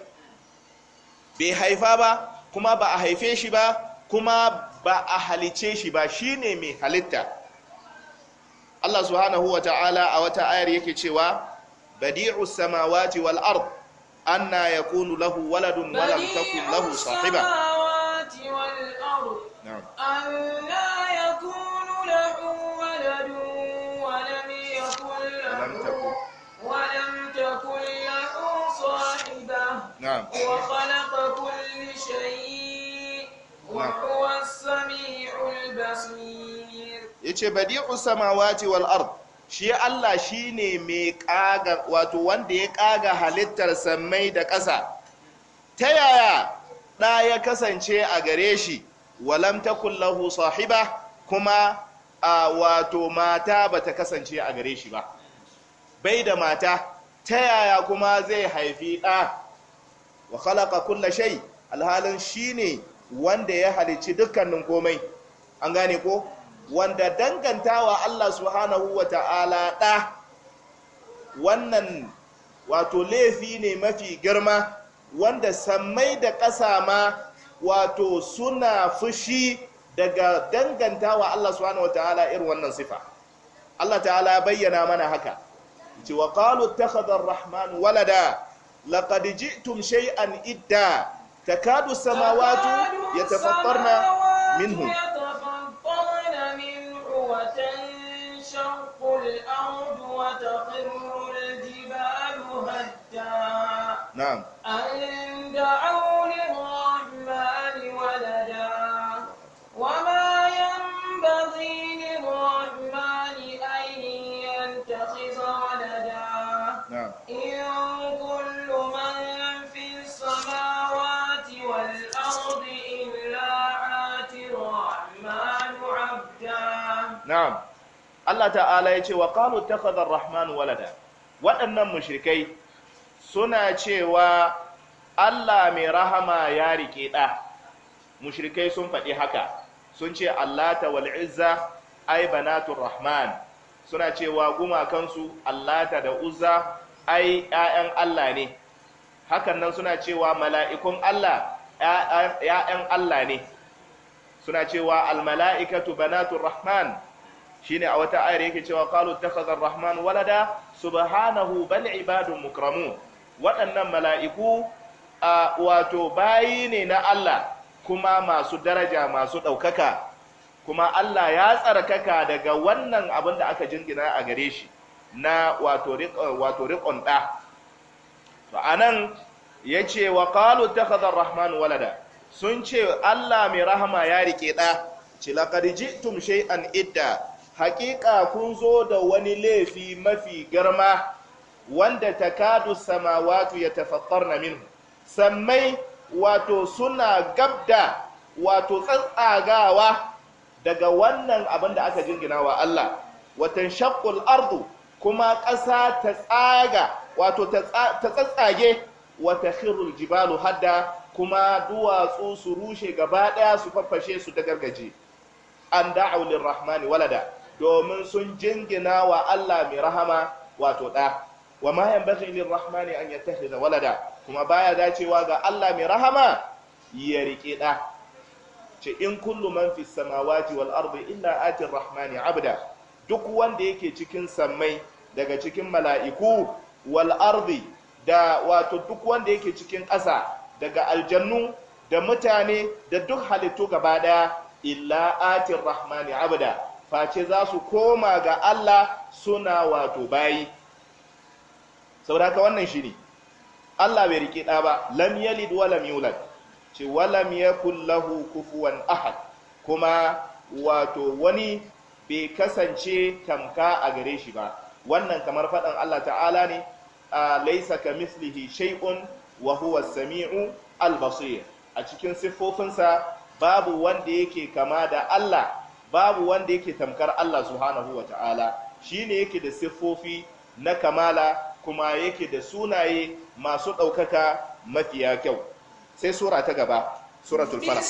bai haifa ba kuma ba a haife shi ba kuma ba a halice shi ba shine mai halitta Allah subhanahu wa ta'ala a wata ayar yake cewa badi'u samawati wal ard أنا يكون له ولد ولم تكن له صاحبة نعم أنا يكون له ولد ولم يكن له ولم تكن له صاحبة نعم وخلق كل شيء نعم. وهو السميع البصير يتبديع السماوات والأرض shi Allah shi ne mai ƙaga wato wanda ya ƙaga halittar sammai da ƙasa ta yaya ɗa ya kasance a gare shi walam takun sahiba kuma a wato mata ba ta kasance a gare shi ba bai da mata ta yaya kuma zai haifi ɗa wa khalaqa kulla shai alhalin ne wanda ya halicci dukkanin komai an gane ko wanda dangantawa Allah subhanahu wa ta'ala ɗa wannan wato laifi ne mafi girma wanda sammai da ƙasa ma wato suna fushi daga dangantawa Allah subhanahu wa ta'ala irin wannan sifa Allah ta'ala ya bayyana mana haka ce wa qalu rahman walada laqad ji'tum shay'an idda ya samawati na minhu تنشق الأرض وتقر الجبال هدا نعم أن دعوا للرحمن ولدا وما ينبغي للرحمن أن يتخذ ولدا نعم إن كل من في السماوات والأرض إلا آتي الرحمن عبدا نعم Allah ta'ala ya ce wa qalu takhadha rahman walada waɗannan mushrikai suna cewa Allah mai rahama ya riƙe ɗa mushrikai sun faɗi haka sun ce Allah ta wal izza ai banatun rahman suna cewa gumakansu Allah ta da uzza ai ƴaƴan Allah ne hakan nan suna cewa mala'ikun Allah ‘ya'yan Allah ne, suna cewa mala'ikatu banatun Rahman, shine a wata ayar yake cewa qalu takhadha ar-rahman walada subhanahu bal ibadun mukramun waɗannan mala'iku wato bayi ne na Allah kuma masu daraja masu ɗaukaka kuma Allah ya tsarkaka daga wannan abin da aka jingina a gare shi na wato riƙon ɗa a nan ya ce wa ƙalu rahman walada sun ce Allah mai rahama ya riƙe ɗa ci ji shay'an idda haƙiƙa kun zo da wani laifi mafi girma wanda takadu samawatu ya tafattarna minhu sammai wato suna gabda wato tsantsagawa daga wannan abin da aka jingina wa Allah watan shaqqul ardu kuma ƙasa ta tsaga wato ta wata khirul jibalu hadda kuma duwatsu su rushe gaba ɗaya su faffashe su da gargaje an da'u lirrahmani walada domin sun jingina wa Allah mai rahama wato ɗa wa ma yanbaghi lirrahmani an da walada kuma baya dacewa ga Allah mai rahama ya rike ɗa ce in kullum man fis samawati wal ardi illa ati rahmani abda duk wanda yake cikin sammai daga cikin mala'iku wal ardi da wato duk wanda yake cikin ƙasa daga aljannu da mutane da duk halittu gaba daya illa ati rahmani abda face za su koma ga Allah suna wato bayi sauraka wannan shi ne Allah bai riƙe ɗa ba lam yalid wa lam yulad ce wa lam lahu kufuwan ahad kuma wato wani bai kasance tamka a gare shi ba wannan kamar faɗan Allah ta'ala ne a laisa ka mislihi shay'un wa huwa samiu al-basir a cikin siffofinsa babu wanda yake kama da Allah babu wanda yake tamkar Allah subhanahu wa ta'ala shine yake da siffofi na kamala kuma yake da sunaye masu ɗaukaka mafiya kyau sai sura ta gaba suratul falaq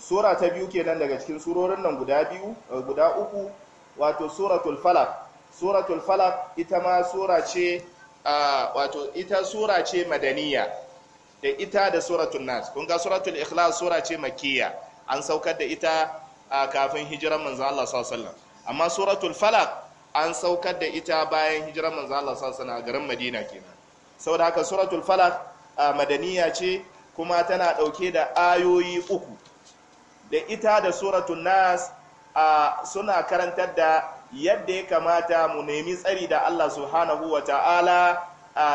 sura ta biyu kenan daga cikin surorin nan guda biyu eh, guda uku wato suratul falaq suratul falaq ita ma sura ce wato ita sura ce madaniya da ita da suratul nas kun ga suratul ikhlas sura ce makkiya an saukar da ita kafin hijiran manzo Allah sallallahu alaihi wasallam amma suratul falaq an saukar da ita bayan hijiran manzo Allah sallallahu alaihi wasallam a garin Madina kenan saboda haka suratul falaq madaniya ce kuma tana dauke da ayoyi uku da ita da suratun nas suna karantar da yadda ya kamata mu nemi tsari da Allah subhanahu wa ta'ala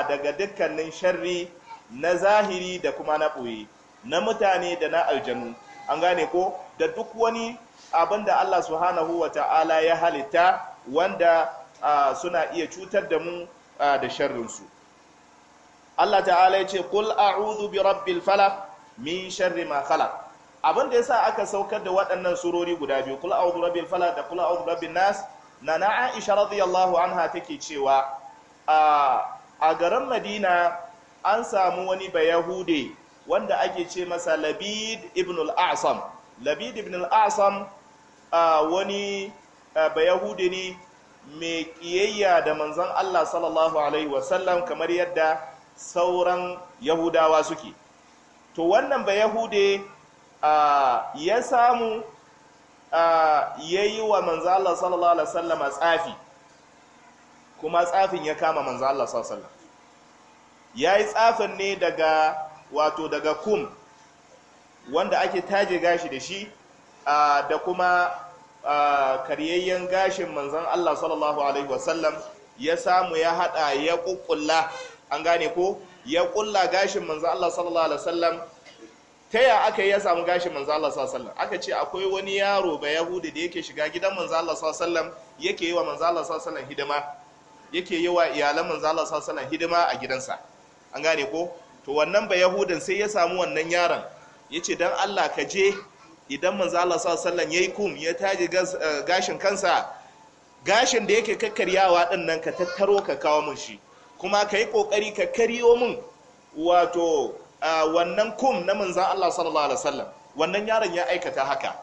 daga dukkanin sharri na zahiri da kuma na ɓoye na mutane da na aljanu an gane ko da duk wani abin da Allah subhanahu wa ta'ala ya halitta wanda suna iya cutar da mu da sharrinsu Allah ta'ala ya ce kul a'udhu bi rabbil falaq min sharri ma khalaq abin da yasa aka saukar da waɗannan surori guda biyu kula a rabbil Fala da kula a rabbin nas na na Aisha radiyallahu anha take cewa a garin Madina an samu wani bayahude wanda ake ce masa Labid ibn al-A'sam Labid ibn al-A'sam wani bayahude ne mai kiyayya da manzan Allah sallallahu alaihi wasallam kamar yadda sauran Yahudawa suke to wannan bayahude ya samu ya yi wa manzan Allah sallallahu alaihi wasallama tsafi kuma tsafin ya kama manzan Allah sallallahu alaihi wasallam yi tsafin ne daga wato daga kum wanda ake taje gashi da shi da kuma karyayyen gashin manzan Allah sallallahu alaihi wasallam ya samu ya hada ya kukkulla an gane ko ya kulla gashin manzan Allah sallallahu alaihi wasallam ta ya aka yi ya samu gashin manzo Allah sallallahu aka ce akwai wani yaro ba yahudi da yake shiga gidan manzo Allah sallallahu yake yi wa manzo Allah sallallahu hidima yake yi wa iyalan manzo Allah sallallahu hidima a gidansa an gane ko to wannan ba yahudan sai ya samu wannan yaron yace dan Allah ka je idan manzo Allah sallallahu yayi kum ya taji eh, gashin kansa gashin da yake kakkaryawa din nan ka tattaro ka kawo mun shi kuma ka yi kokari ka kariyo mun wato wannan kum na manzan Allah sallallahu alaihi wasallam wannan yaron ya aikata haka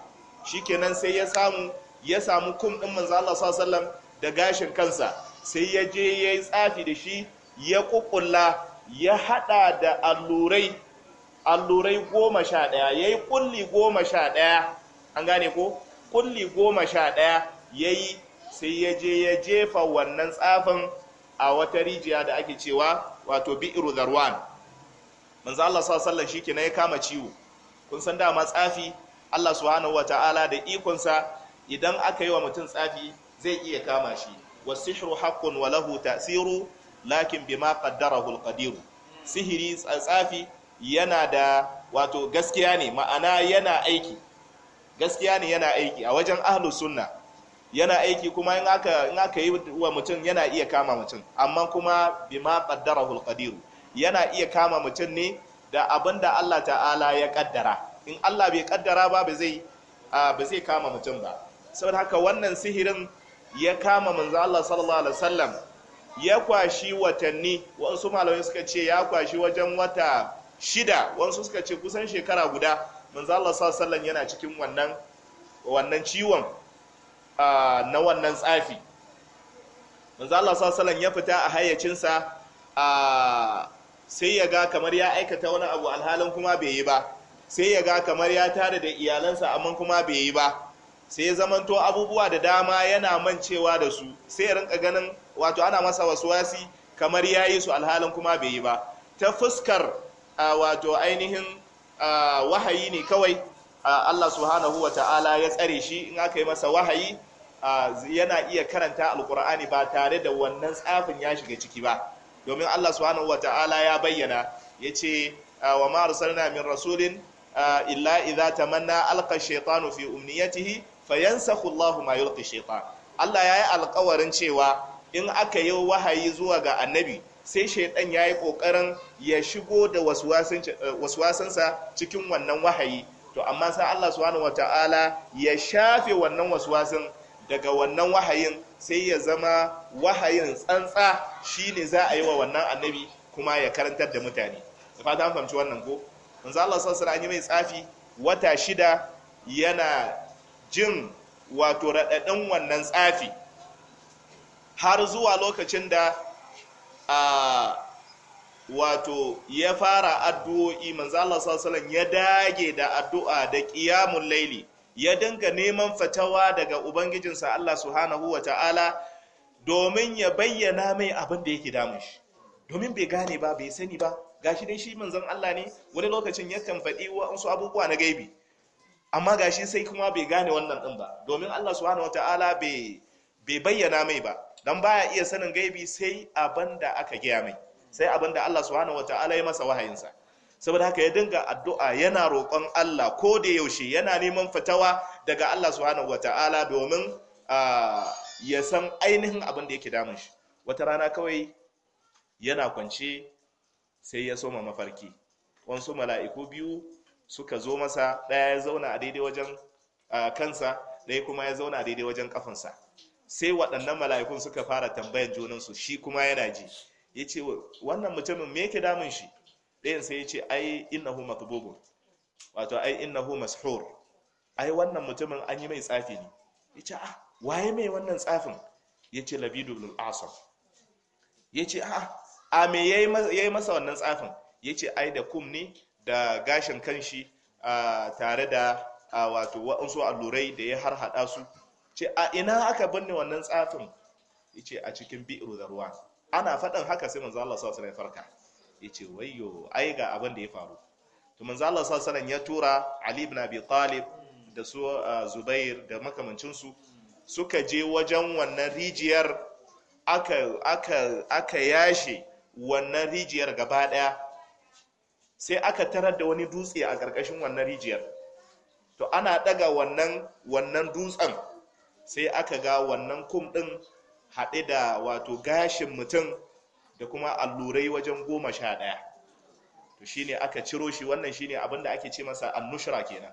shikenan sai ya samu ya samu kum din manzan Allah sallallahu alaihi wasallam da gashin kansa sai ya je ya yi tsafi da shi ya kukulla ya hada da allurai allurai goma sha ɗaya ya yi kulli goma sha ɗaya an gane ko kulli goma sha ɗaya ya yi sai ya je ya jefa wannan tsafin a wata rijiya da ake cewa wato bi'iru zarwani manzo Allah sallallahu sallar wasallam shikenan ya kama ciwo kun san dama tsafi Allah subhanahu wataala da sa idan aka yi wa mutum tsafi zai iya kama shi wasihru haqqun wa lahu ta'siru lakin bima qaddarahu alqadir sihiri tsafi yana da wato gaskiya ne ma'ana yana aiki gaskiya ne yana aiki a wajen ahlus sunna yana aiki kuma in aka in aka yi wa mutum yana iya kama mutum amma kuma bima qaddarahu alqadir yana iya kama mutum ne da abin da Allah ta'ala ya kaddara in Allah bai kaddara ba ba zai kama mutum ba saboda haka wannan sihirin ya kama manzo Allah sallallahu alaihi wasallam ya kwashi watanni wasu malamai suka ce ya kwashi wajen wata shida wasu suka ce kusan shekara guda manzo Allah sallallahu alaihi wasallam yana cikin wannan wannan ciwon na wannan tsafi manzo Allah sallallahu alaihi wasallam ya fita a hayyacinsa a sai ya ga kamar ya aikata wani abu alhalin kuma bai yi ba sai ya ga kamar ya tare da iyalansa amma kuma bai yi ba sai ya zamanto abubuwa da dama yana mancewa da su sai ya rinka ganin wato ana masa wasuwasi kamar ya yi su alhalin kuma bai yi ba ta fuskar wato ainihin wahayi ne kawai Allah subhanahu wa ta'ala ya tsare shi in aka yi masa wahayi yana iya karanta alkur'ani ba tare da wannan tsafin ya shiga ciki ba domin Allah subhanahu wata'ala ya bayyana ya ce ah, wa ma min rasulin ah, illa idza tamanna alqa shaytanu fi umniyatihi fayansakhu Allahu ma yulqi shaytan Allah yayi alƙawarin cewa in aka yi wahayi zuwa ga annabi sai shaidan ya yi ƙoƙarin ya shigo da wasansa eh, cikin wannan wahayi to amma sai Allah subhanahu wata'ala ya shafe wannan waswasin daga wannan wahayin sai ya zama wahayin tsantsa shi ne za a yi wa wannan annabi kuma ya karantar da mutane da fata an fahimci wannan ko manzo Allah sallallahu alaihi mai tsafi wata shida yana jin wato radadin wannan tsafi har zuwa lokacin da a wato ya fara addu'o'i manzo Allah ya dage da addu'a da ƙiyamun laili ya dinga neman fatawa daga ubangijinsa Allah subhanahu wa ta'ala domin ya bayyana mai abin da yake damun shi domin bai gane ba bai sani ba gashi dai shi manzon Allah ne wani lokacin yakan faɗi wasu abubuwa na gaibi amma gashi sai kuma bai gane wannan din ba domin Allah subhanahu wataala ta'ala bai bayyana mai ba dan baya iya sanin gaibi sai abin da aka gaya mai sai abin da Allah subhanahu ta'ala ya masa wahayinsa saboda haka ya dinga addu'a yana roƙon Allah ko da yaushe yana neman fatawa daga Allah subhanahu wata'ala domin ya san ainihin abin da yake damun shi wata rana kawai yana kwance sai ya soma mafarki wasu mala'iku biyu suka zo masa ɗaya ya zauna a daidai wajen kansa ɗaya kuma ya zauna a daidai wajen kafinsa sai waɗannan mala'ikun suka fara tambayan junansu shi kuma yana ji ya ce wannan mutumin me yake damun shi ɗayan sai ya ce ai innahu matbubun wato ai innahu mashur ai wannan mutumin an yi mai tsafi ne ya ce ah waye mai wannan tsafin ya ce labidu bin asam ya ce ah a me ya yi masa wannan tsafin ya ce ai da kum ne da gashin kanshi tare da wato wa'ansu allurai da ya harhaɗa su ce a ina aka binne wannan tsafin ya ce a cikin bi'ir da ruwa ana faɗin haka sai manzo Allah sallallahu alaihi farka ya ce wayo ai ga abin da ya faru to manzo Allah sallallahu ya tura Ali ibn Abi Talib da su Zubair da makamancinsu suka je wajen wannan rijiyar aka aka aka yashe wannan rijiyar gaba daya sai aka tarar da wani dutse a ƙarƙashin wannan rijiyar to ana daga wannan wannan dutsen sai aka ga wannan kum din haɗe da wato gashin mutum da kuma allurai wajen goma sha ɗaya to shi ne aka ciro shi wannan shine abin da ake ce masa annushra kenan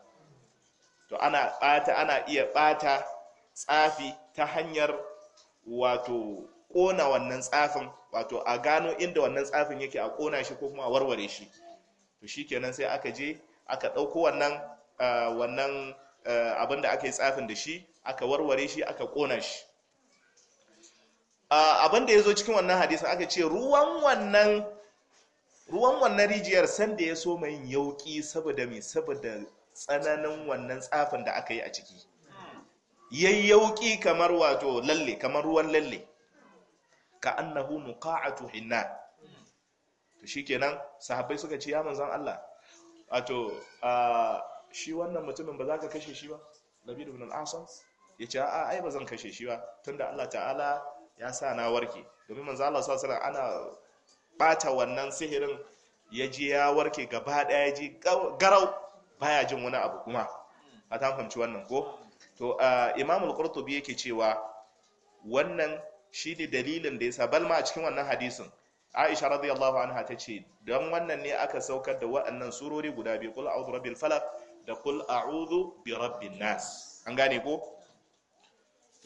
to ana ɓata ana iya ɓata tsafi ta hanyar wato ƙona wannan tsafin wato a gano inda wannan tsafin yake a ƙona shi ko kuma a warware shi to shi kenan sai aka je aka ɗauko wannan ah, wannan ah, abinda aka yi tsafin da shi aka warware shi aka ƙona shi abin da ya zo cikin wannan hadisun aka ce ruwan wannan ruwan wannan rijiyar sanda ya so mai yauki saboda mai saboda tsananin wannan tsafin da aka yi a ciki ya yauki kamar wato lalle kamar ruwan lalle ka annahu muqa'atu hinna to shikenan sahabbai suka ce ya manzon Allah wato shi wannan mutumin ba za ka kashe shi ba da ibn al-asam ce a'a ai ba zan kashe shi ba tunda Allah ta'ala ya sa na warke domin manzo Allah sallallahu alaihi ana bata wannan sihirin ya ji ya warke gaba daya ya ji garau baya jin wani abu kuma a ta fahimci wannan ko to imam al-qurtubi yake cewa wannan shi ne dalilin da ya yasa balma a cikin wannan hadisin aisha radiyallahu anha ta ce don wannan ne aka saukar da waɗannan surori guda biyu kul a'udhu rabbil falaq da kul a'udhu bi rabbin nas an gane ko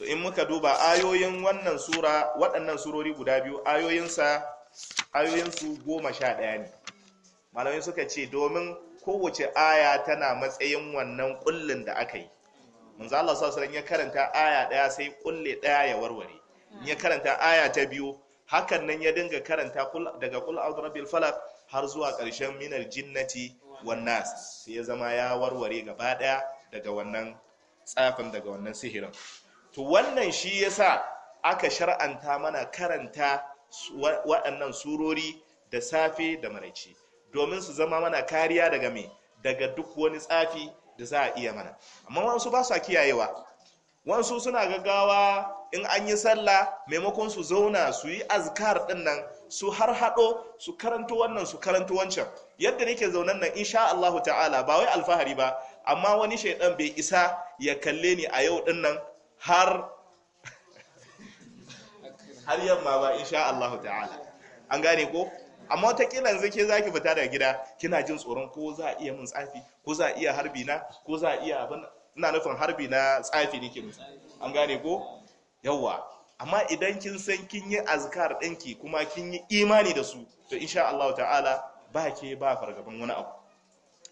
to in muka duba ayoyin wannan sura waɗannan surori guda biyu ayoyinsa ayoyinsu goma sha ɗaya ne malamai suka ce domin kowace aya tana matsayin wannan kullin da aka yi manzo Allah sallallahu ya karanta aya ɗaya sai kulle ɗaya ya warware ya karanta aya ta biyu hakan nan ya dinga karanta daga kul a'udhu rabbil falaq har zuwa ƙarshen minar jinnati wan nas sai ya zama ya warware gaba ɗaya daga wannan tsafin daga wannan sihirin to wannan shi yasa aka shar'anta mana karanta waɗannan surori da safe da maraice domin su zama mana kariya daga me daga duk wani tsafi da za a iya mana amma wasu ba su kiyayewa wasu suna gaggawa in an yi sallah maimakon su zauna su yi azkar din nan su har haɗo su karanto wannan su karanto wancan yadda nake zaunan nan insha Allahu ta'ala ba wai alfahari ba amma wani shaidan bai isa ya kalle ni a yau din nan har har yamma ba insha Allah ta'ala an gane ko amma watakila yanzu ke zaki fita daga gida kina jin tsoron ko za a iya min tsafi ko za a iya harbi na ko za a iya abin ina nufin harbi na tsafi nake musu an gane ko yawa amma idan kin san kin yi azkar ɗinki kuma kin yi imani da su to insha Allah ta'ala ba ke ba fargaban wani abu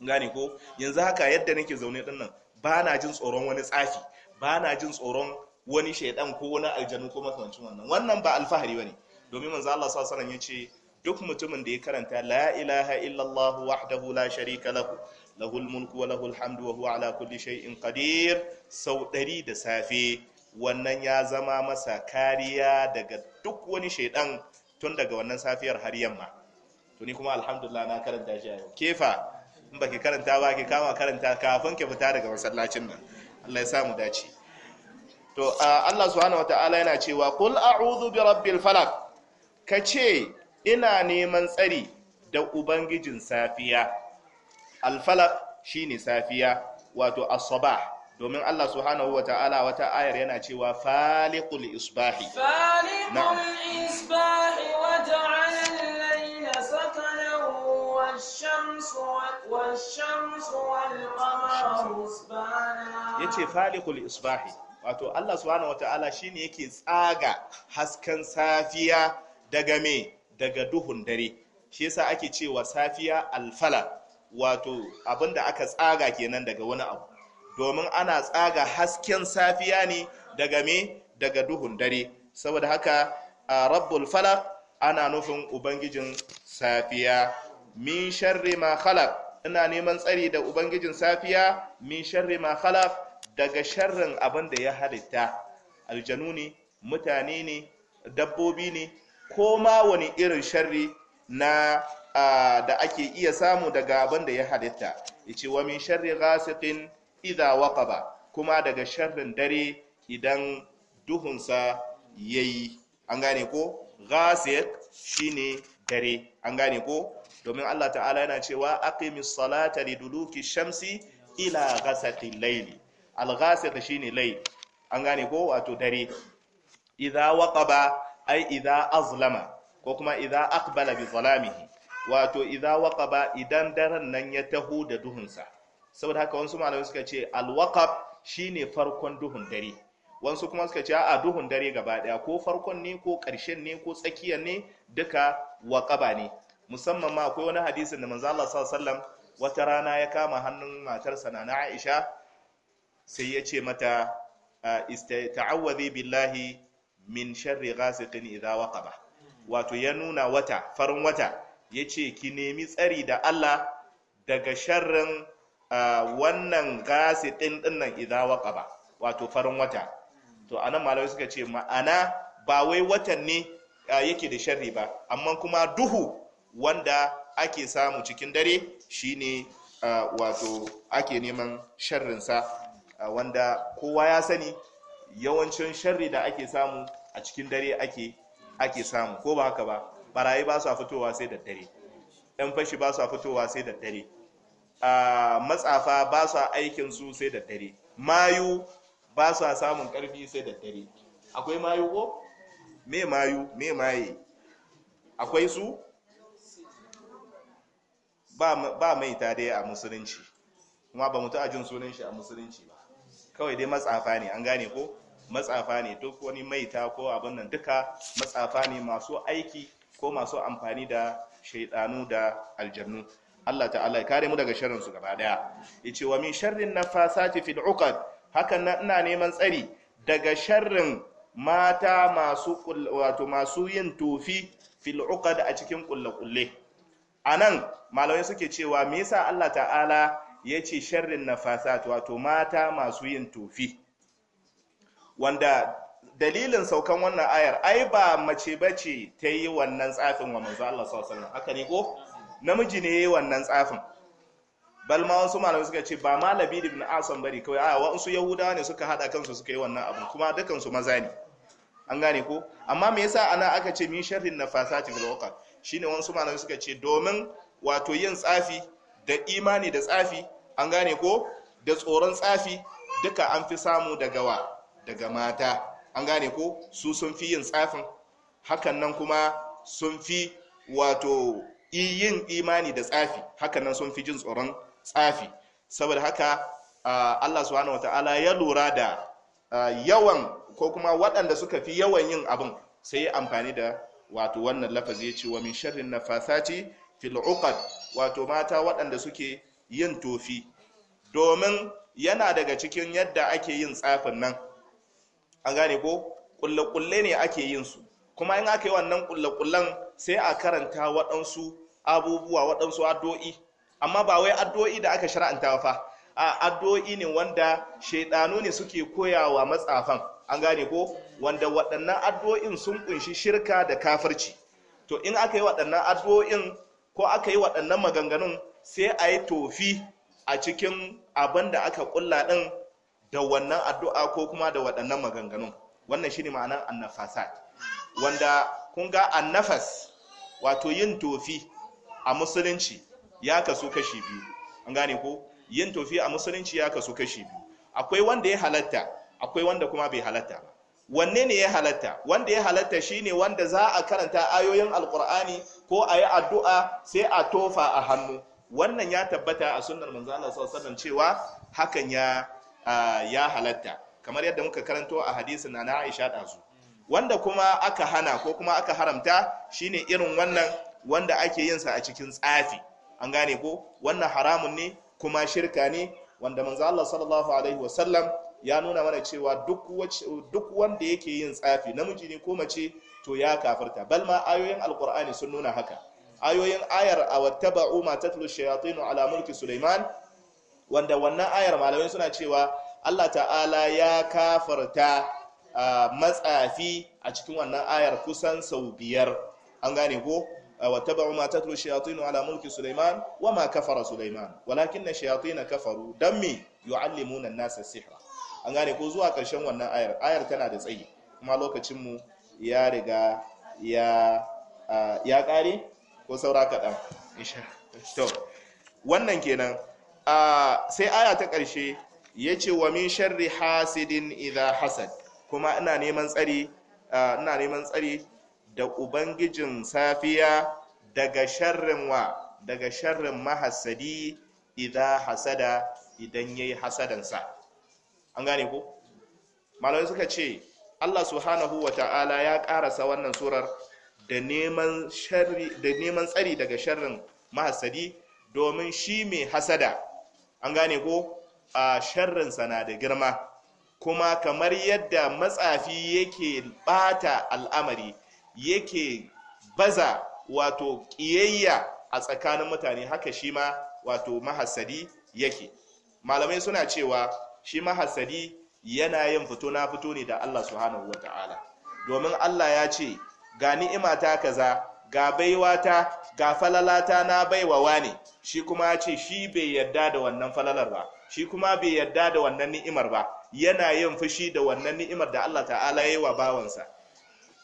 gane ko yanzu haka yadda nake zaune din nan ba na jin tsoron wani tsafi ba na jin tsoron wani shaidan ko wani aljanu ko makamancin wannan wannan ba alfahari bane domin manzo Allah sallallahu alaihi wasallam yace duk mutumin da ya karanta la ilaha illallah wahdahu la sharika lahu lahul mulku wa lahul hamdu wa huwa ala kulli shay'in qadir sau ɗari da safe wannan ya zama masa kariya daga duk wani shaidan tun daga wannan safiyar har yamma to ni kuma alhamdulillah na karanta shi a yau kefa in baki karanta ba ki kama karanta kafin ki fita daga masallacin nan Allah ya samu dace to Allah subhanahu wataala yana cewa kul a'udhu bi rabbil falaq kace ina neman tsari da ubangijin safiya al falaq shine safiya wato as-sabah domin Allah subhanahu wa wata ayar yana cewa faliqul isbahi faliqul isbahi wa Yace ce والقمر حسبانا يتي wato Allah subhanahu wataala shine yake tsaga hasken safiya daga me daga duhun dare shi yasa ake cewa safiya alfala wato abinda aka tsaga kenan daga wani abu domin ana tsaga hasken safiya ne daga me daga duhun dare saboda haka rabbul falak ana nufin ubangijin safiya min sharri ma khalaq ina neman tsari da ubangijin safiya min sharri ma khalaq daga sharrin abin da ya halitta aljanu ne mutane ne dabbobi ne ko ma wani irin sharri na da ake iya samu daga abin da ya halitta yace wa min sharri ghasiqin idza waqaba kuma daga sharrin dare idan duhunsa yayi an gane ko ghasiq shine dare an gane ko domin Allah ta'ala yana cewa aqimis salata liduluki shamsi ila ghasaqil layli al-ghasaq shine layl an gane ko wato dare idza waqaba ai idza azlama ko kuma idza aqbala bi zalamihi wato idza waqaba idan daren nan ya taho da duhunsa saboda haka wasu malamai suka ce al-waqab shine farkon duhun dare wasu kuma suka ce a duhun dare gaba daya ko farkon ne ko ƙarshen ne ko tsakiyar ne duka waqaba ne musamman ma akwai wani hadisin da manzo Allah sallallahu alaihi wasallam wata rana ya kama hannun matarsa na Aisha sai ya ce mata ta'awwadhi billahi min sharri ghasiqin idha waqaba wato ya nuna wata farin wata yace ki nemi tsari da Allah daga sharrin wannan ghasiqin nan idha waqaba wato farin wata to anan malamai suka ce ma'ana ba wai watan ne yake da sharri ba amma kuma duhu wanda ake samu cikin dare shine wato ake neman sharrinsa wanda kowa ya sani yawancin sharri da ake samu a cikin dare ake ake samu ko ba haka ba barayi ba su fitowa sai da dare ɗan fashi ba su fitowa sai da dare matsafa ba su aikin su sai da dare mayu ba su samun ƙarfi sai da dare akwai mayu ko me mayu me maye akwai su ba maita ta dai a musulunci kuma ba mutu a jin sunan shi a musulunci ba kawai dai matsafa ne an gane ko matsafa ne duk wani maita ko abin nan duka matsafa ne masu aiki ko masu amfani da shaidanu da aljannu Allah ta'ala kare mu daga sharrin su gaba daya yace wa min sharrin nafasati fil uqad hakan nan ina neman tsari daga sharrin mata masu wato masu yin tufi fil uqad a cikin kullakulle anan malamai suke cewa me yasa Allah ta'ala ya ce sharrin nafasat wato mata masu yin tofi wanda dalilin saukan wannan ayar ai ba mace bace ta yi wannan tsafin wa manzo Allah sallallahu alaihi wasallam haka ne ko namiji ne yayi wannan tsafin bal ma wasu malamai suka ce ba malabi ibn asan bari kawai a wasu yahudawa ne suka hada kansu suka yi wannan abu? kuma dukan su maza ne an gane ko amma me yasa ana aka ce min sharrin nafasati bil waqt shine wasu malamai suka ce domin wato yin tsafi da imani da tsafi an gane ko da tsoron tsafi duka an fi samu daga wa daga mata an gane ko su sun fi yin tsafin hakan nan kuma sun fi wato yin imani da tsafi hakan nan sun fi jin tsoron tsafi saboda haka Allah subhanahu wata'ala ya lura da yawan ko kuma waɗanda suka fi yawan yin abin sai yi amfani da wato wannan lafazi ya ce wa min sharrin na fil uqad wato mata waɗanda suke yin tofi domin yana daga cikin yadda ake yin tsafin nan an gane ko ƙulle-ƙulle ne ake yin su kuma in aka yi wannan ƙulle-ƙullen sai a karanta waɗansu abubuwa waɗansu addu'o'i amma ba wai addu'o'i da aka shara'anta fa a addu'o'i ne wanda shaidanu ne suke koyawa matsafan an gane ko wanda waɗannan addu'o'in sun kunshi shirka da kafirci to in aka yi waɗannan addu'o'in ko aka yi waɗannan maganganun sai a yi tofi a cikin abin da aka kulla ɗin da wannan addu'a ko kuma da waɗannan maganganun wannan shi ne ma'anar annafasat wanda kun ga annafas wato yin tofi a musulunci ya kasu kashi biyu an gane ko yin tofi a musulunci ya kasu kashi biyu akwai wanda ya halatta akwai wanda kuma bai halatta ba wanne ne ya halatta wanda ya halatta shine wanda za a karanta ayoyin alkur'ani ko a yi addu'a sai a tofa a hannu wannan ya tabbata a sunnar manzo Allah sallallahu cewa hakan ya ya halatta kamar yadda muka karanto a hadisin na Aisha su wanda kuma aka hana ko kuma aka haramta shine irin wannan wanda ake yin sa a cikin tsafi an gane ko wannan haramun ne kuma shirka ne wanda manzo Allah sallallahu alaihi wasallam ya nuna mana cewa duk wanda yake yin tsafi namiji ne ko mace to ya kafarta. bal ma ayoyin alkur'ani sun nuna haka ayoyin ayar ba'u ma tatlu shayatinu ala mulki Suleiman. wanda wannan ayar malamai suna cewa Allah ta'ala ya kafarta matsafi a cikin wannan ayar kusan sau biyar an gane ko ba'u ma tatlu shayatinu ala mulki wa wama kafara Suleiman. walakin na shayatin kafaru dan me yu'allimuna nasa sihra an gane ko zuwa ƙarshen wannan ayar ayar tana da tsayi kuma lokacinmu ya riga ya ya ƙare ko saura kaɗan to wannan kenan sai aya ta ƙarshe ya ce wa min sharri hasidin idha hasad kuma ina neman tsari ina neman tsari da ubangijin safiya daga sharrin wa daga sharrin mahasadi idha hasada idan yayi hasadansa an gane ko malamai suka ce Allah subhanahu wa ta'ala ya karasa wannan surar da neman tsari daga sharrin mahasadi domin shi mai hasada an gane ko a sharrinsa na da girma kuma kamar yadda matsafi yake bata al'amari yake baza wato kiyayya a tsakanin mutane haka shi ma wato mahasadi yake malamai suna cewa shi mahasadi yana yin fito na fito ne da Allah subhanahu wata'ala domin Allah ya ce ga ni'imata kaza ga baiwata ga falalata na baiwa wane shi kuma ya ce shi bai yarda da wannan falalar ba shi kuma bai yarda da wannan ni'imar ba yana yin fushi da wannan ni'imar da Allah ta'ala ya yi wa bawansa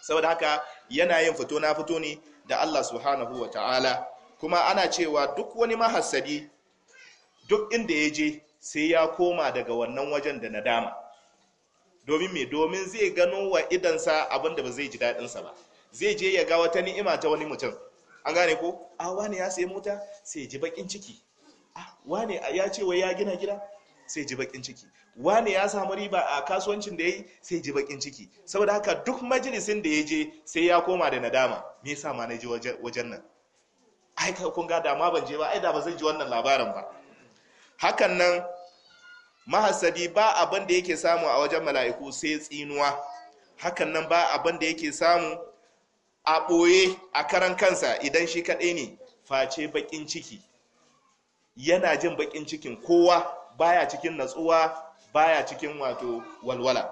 saboda haka yana yin fito na fito ne da Allah subhanahu wa kuma ana cewa duk wani mahassadi duk inda ya je sai ya koma daga wannan wajen da nadama domin me domin zai gano wa idansa abinda ba zai ji daɗinsa ba zai je ya ga wata ni'ima ta wani mutum an gane ko a ah, wani ya sayi mota sai ji bakin ciki a ah, wani ya ce wa ya gina gida sai ji bakin ciki wani ya samu riba a kasuwancin da ya yi sai ji bakin ciki saboda haka duk majalisin da ya je sai ya koma da nadama me yasa ma na je wajen nan ai kun ga dama ban je ba ai da ba zai ji wannan labarin ba hakan nan mahasadi ba abin da yake samu a wajen mala'iku sai tsinuwa hakan nan ba abin da yake samu a ɓoye a karan kansa idan shi kaɗai ne face baƙin ciki yana jin baƙin cikin kowa baya cikin natsuwa baya cikin wato walwala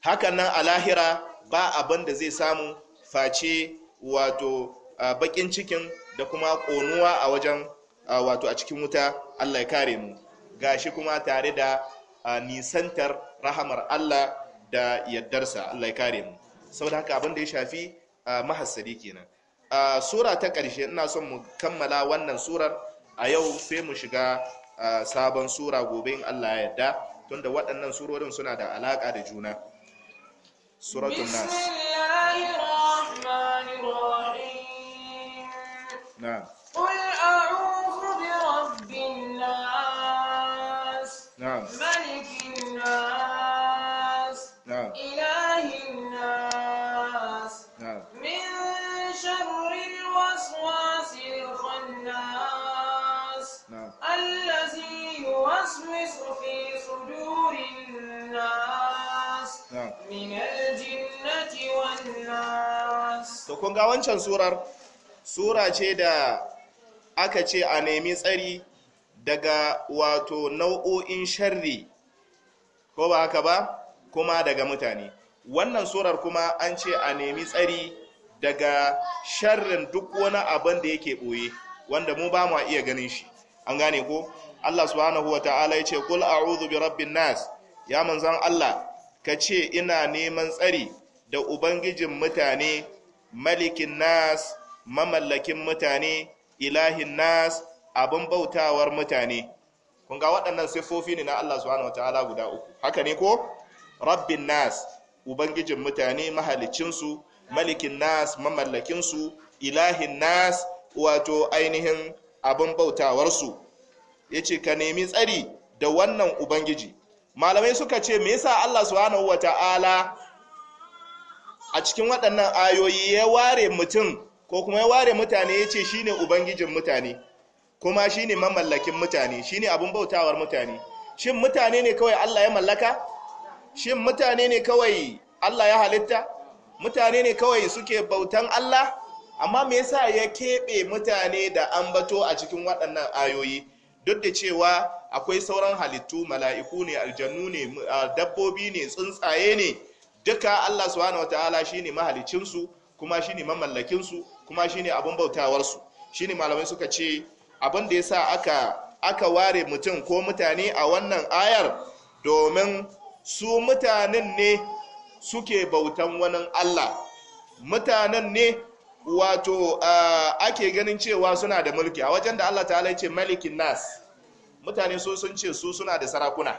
hakan nan a lahira ba abin da zai samu face wato baƙin cikin da kuma ƙonuwa a wajen wato a cikin wuta allah ya kare mu gashi kuma tare da nisantar rahamar Allah da yaddarsa Allah ya kare mu saboda haka abin da ya shafi mahassadi kenan sura ta ƙarshe ina son mu kammala wannan surar a yau sai mu shiga sabon sura gobe in Allah ya yarda tunda waɗannan surorin suna da alaƙa da juna suratul nas na'am kun ga wancan surar sura ce da aka ce a nemi tsari daga wato nau'o'in sharri ko ba haka ba kuma daga mutane wannan surar kuma an ce a nemi tsari daga sharrin duk wani abin da yake ɓoye wanda mu ba mu iya ganin shi an gane ko Allah subhanahu wa ta'ala ya ce kul a'udhu bi rabbin nas ya manzan Allah ka ce ina neman tsari da ubangijin mutane malikin nas mamallakin mutane ilahin nas abin bautawar mutane kun ga waɗannan siffofi ne na Allah subhanahu wataala guda uku haka ne ko rabbin nas ubangijin mutane mahalicinsu malikin nas mamallakinsu ilahin nas wato ainihin abin bautawarsu ya ce ka nemi tsari da wannan ubangiji malamai suka ce me yasa Allah subhanahu wataala a cikin waɗannan ayoyi ya ware mutum ko kuma ya ware mutane ya ce shine ubangijin mutane kuma shine mamallakin mutane shine abin bautawar mutane shin mutane ne kawai Allah ya mallaka shin mutane ne kawai Allah ya halitta mutane ne kawai suke bautan Allah amma me yasa ya keɓe mutane da an bato a cikin waɗannan ayoyi duk da cewa akwai sauran halittu mala'iku ne aljannu ne dabbobi ne tsuntsaye ne duka Allah subhanahu wataala shine mahalicin su kuma shine mamallakin su kuma shine abin bautawarsu, su shine malamai suka ce abin da yasa aka aka ware mutum ko mutane a wannan ayar domin su mutanen ne suke bautan wani Allah mutanen ne wato ake ganin cewa suna da mulki a wajen da Allah ta'ala ce malikin nas mutane su sun ce su suna da sarakuna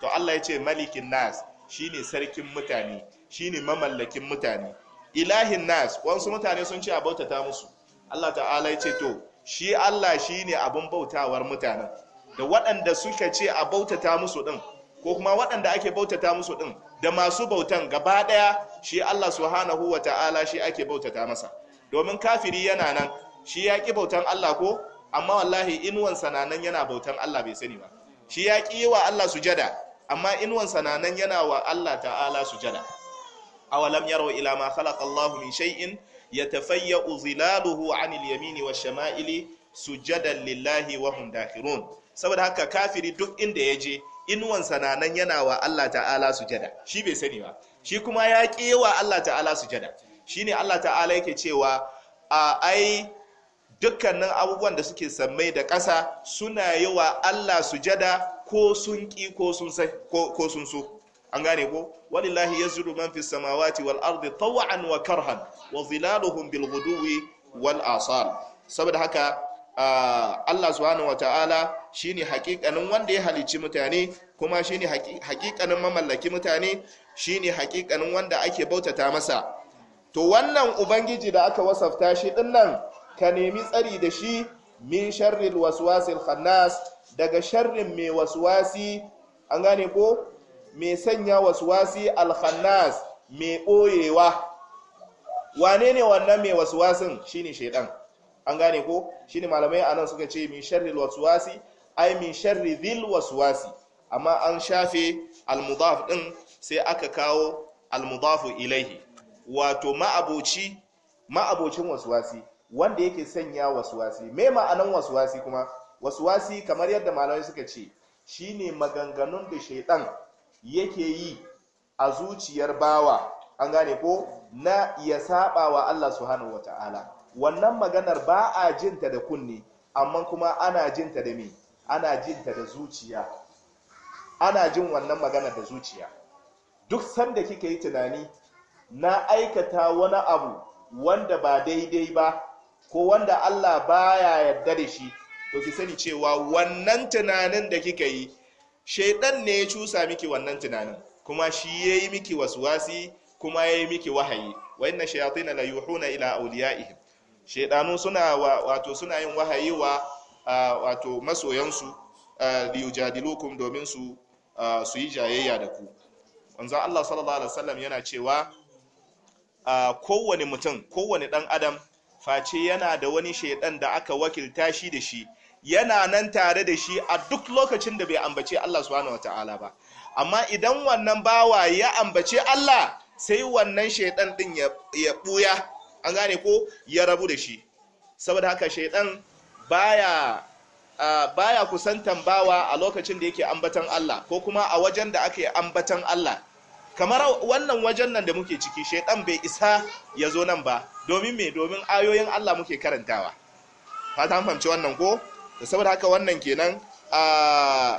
to Allah ya ce malikin nas shine sarkin mutane shine mamallakin mutane ilahin nas wasu mutane sun ce a bautata musu Allah ta'ala ya ce to shi Allah shine abin bautawar mutanen da waɗanda suka ce a bautata musu ɗin, ko kuma waɗanda ake bautata musu ɗin, da masu bautan gaba ɗaya shi Allah subhanahu wa ta'ala shi ake bautata masa domin kafiri yana nan shi ya ƙi bautan Allah ko amma wallahi inuwansa na nan yana bautan Allah bai sani ba shi ya ƙi yi wa Allah sujada amma inuwansa na yana wa Allah ta'ala sujada awalam yaro ila ma khalaqa Allahu min shay'in yatafayyu zilaluhu 'anil yamini wash-shama'ili sujadan lillahi wa hum dakhirun saboda haka kafiri duk inda ya je inuwansa na yana wa Allah ta'ala sujada shi bai sani ba shi kuma ya kewa Allah ta'ala sujada shine Allah ta'ala yake cewa a ai dukkanin abubuwan da suke sammai da ƙasa suna yi wa Allah sujada ko sun ƙi ko sun so an gane ko walillahi yazuru man fi samawati wal ardi taw'an wa karhan wa zilaluhum bil ghuduwi wal asal saboda haka Allah subhanahu wataala shine hakikanin wanda ya halicci mutane kuma shine hakikanin mamallaki mutane shine hakikanin wanda ake bautata masa to wannan ubangiji da aka wasafta shi dinnan ka nemi tsari da shi min sharril waswasil khannas daga sharrin mai waswasi an gane ko mai sanya waswasi alhannas mai ɓoyewa wane ne wannan mai waswasin shine shaidan an gane ko shine malamai anan suka ce min sharri waswasi ai min sharri wasu waswasi amma an shafe almudaf din sai aka kawo almudafu ilaihi wato ma'aboci ma'abocin waswasi wanda yake sanya waswasi mai ma'anan waswasi kuma Wasu wasi kamar yadda malamai suka ce shine maganganun da shaidan yake yi a zuciyar bawa an gane ko na ya saba wa Allah subhanahu wataala wannan maganar ba a jinta da kunne amma kuma ana jinta da me ana jinta da zuciya ana jin wannan maganar da zuciya duk sanda kika yi tunani na aikata wani abu wanda ba daidai ba ko wanda Allah baya yarda da shi to ki sani cewa wannan tunanin da kika yi shaidan ne ya cusa miki wannan tunanin kuma shi ya yi miki wasuwasi kuma ya yi miki wahayi wayannan na la yuhuna ila awliyaihim shaidanu suna wato suna yin wahayi wa wato masoyansu liyujadilukum domin su su yi jayayya da ku wanzan Allah sallallahu alaihi wasallam yana cewa kowane mutum kowane ɗan adam face yana da wani shaidan da aka wakilta shi da shi yana nan tare da shi a duk lokacin da bai ambace Allah subhanahu wataala ba amma idan wannan bawa ya ambace Allah sai wannan shaidan din ya buya an gane ko ya rabu da shi saboda haka shaidan baya baya kusantan bawa a lokacin da yake ambatan Allah ko kuma a wajen da aka yi ambatan Allah kamar wannan wajen nan da muke ciki shaidan bai isa ya zo nan ba domin me domin ayoyin Allah muke karantawa fata fahimci wannan ko da saboda haka wannan kenan a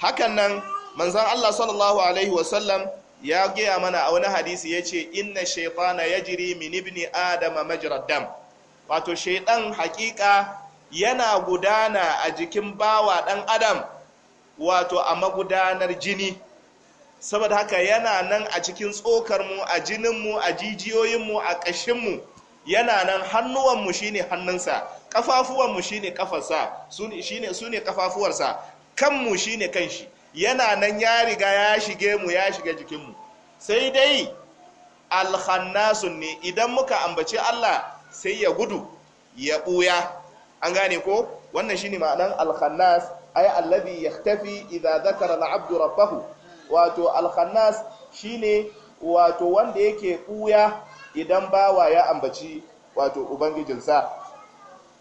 hakan nan manzan Allah sallallahu alaihi wasallam ya gaya mana a wani hadisi ya ce inna shaitana ya jiri min ibni adama majirar dam wato shaitan hakika yana gudana a jikin bawa dan adam wato a magudanar jini saboda haka yana nan a cikin tsokarmu a jininmu a jijiyoyinmu a ƙashinmu yana nan hannuwanmu shine hannunsa kafafuwanmu shine kafarsa Su ne kafafuwarsa kanmu shine kanshi yana nan ya riga ya shige mu ya shiga jikinmu sai dai alhannasun ne idan muka ambaci Allah sai ya gudu ya ɓuya an gane ko wannan shine ma'anan alhannas ay ya tafi, idan zakara al'abdu rabahu wato alhannas shine wato wanda yake ɓuya idan bawa ya ambaci wato ubangijinsa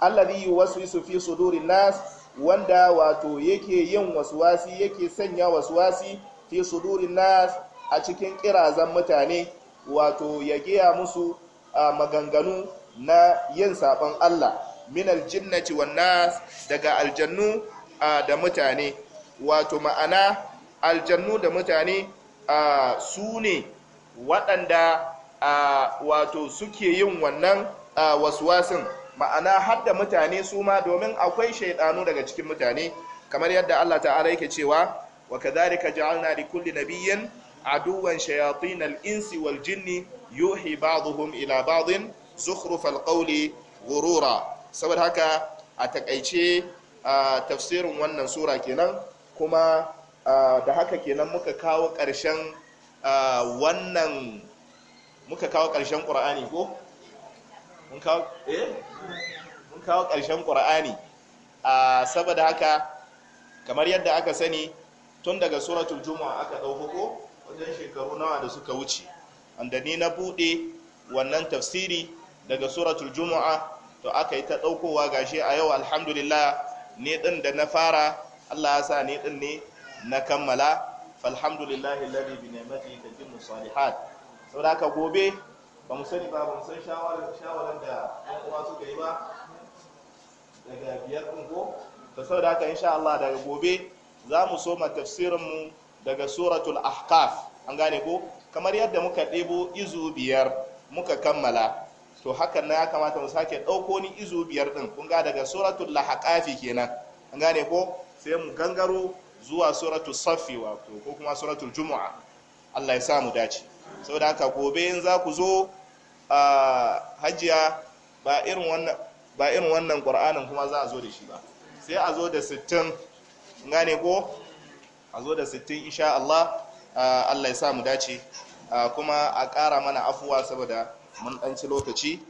alladhi yuwaswisu fi sudurin nas wanda wato yake yin waswasi yake sanya waswasi fi sudurin nas a cikin kirazan mutane wato ya giya musu maganganu na yin saban Allah min aljinnati wan nas daga aljannu da mutane wato ma'ana aljannu da mutane su ne waɗanda wato suke yin wannan waswasin ma'ana hadda mutane su ma domin akwai shaidanu daga cikin mutane kamar yadda Allah ta'ala yake cewa wa kadhalika ja'alna li kulli nabiyyin aduwan shayatin al-insi wal jinni yuhi ba'dhum ila ba'dhin zukhrufal qawli ghurura saboda haka a takaice tafsirin wannan sura kenan kuma da haka kenan muka kawo ƙarshen wannan muka kawo ƙarshen ƙur'ani ko? mun kawo eh mun kawo ƙarshen ƙur'ani a saboda haka kamar yadda aka sani tun daga suratul juma'a aka ɗaukako wajen shekaru nawa da suka wuce wanda ni na buɗe wannan tafsiri daga suratul juma'a to aka yi ta ɗaukowa gashi a yau alhamdulillah ne ɗin da na fara allah ya sa ne ɗin ne na kammala falhamdulillahi lalli bi ni'mati tatimmu salihat saboda haka gobe ba mu sani ba ba mu san shawarar da ɗan uwa suka yi ba daga biyar ɗin ta sau da aka insha Allah daga gobe za mu soma tafsirinmu daga suratul ahqaf an gane ko kamar yadda muka ɗebo izu biyar muka kammala to hakan na ya kamata mu sake ɗauko ni izu biyar ɗin kun ga daga suratul lahaqafi kenan an gane ko sai mu gangaro zuwa suratul safi wato ko kuma suratul jumu'a Allah ya sa mu dace saboda haka gobe in za ku zo hajiya ba irin wannan ba kuma za a zo da shi ba sai a zo da 60 gane ko a zo da 60 insha Allah Allah ya sa mu dace kuma a ƙara mana afuwa saboda mun ɗanci lokaci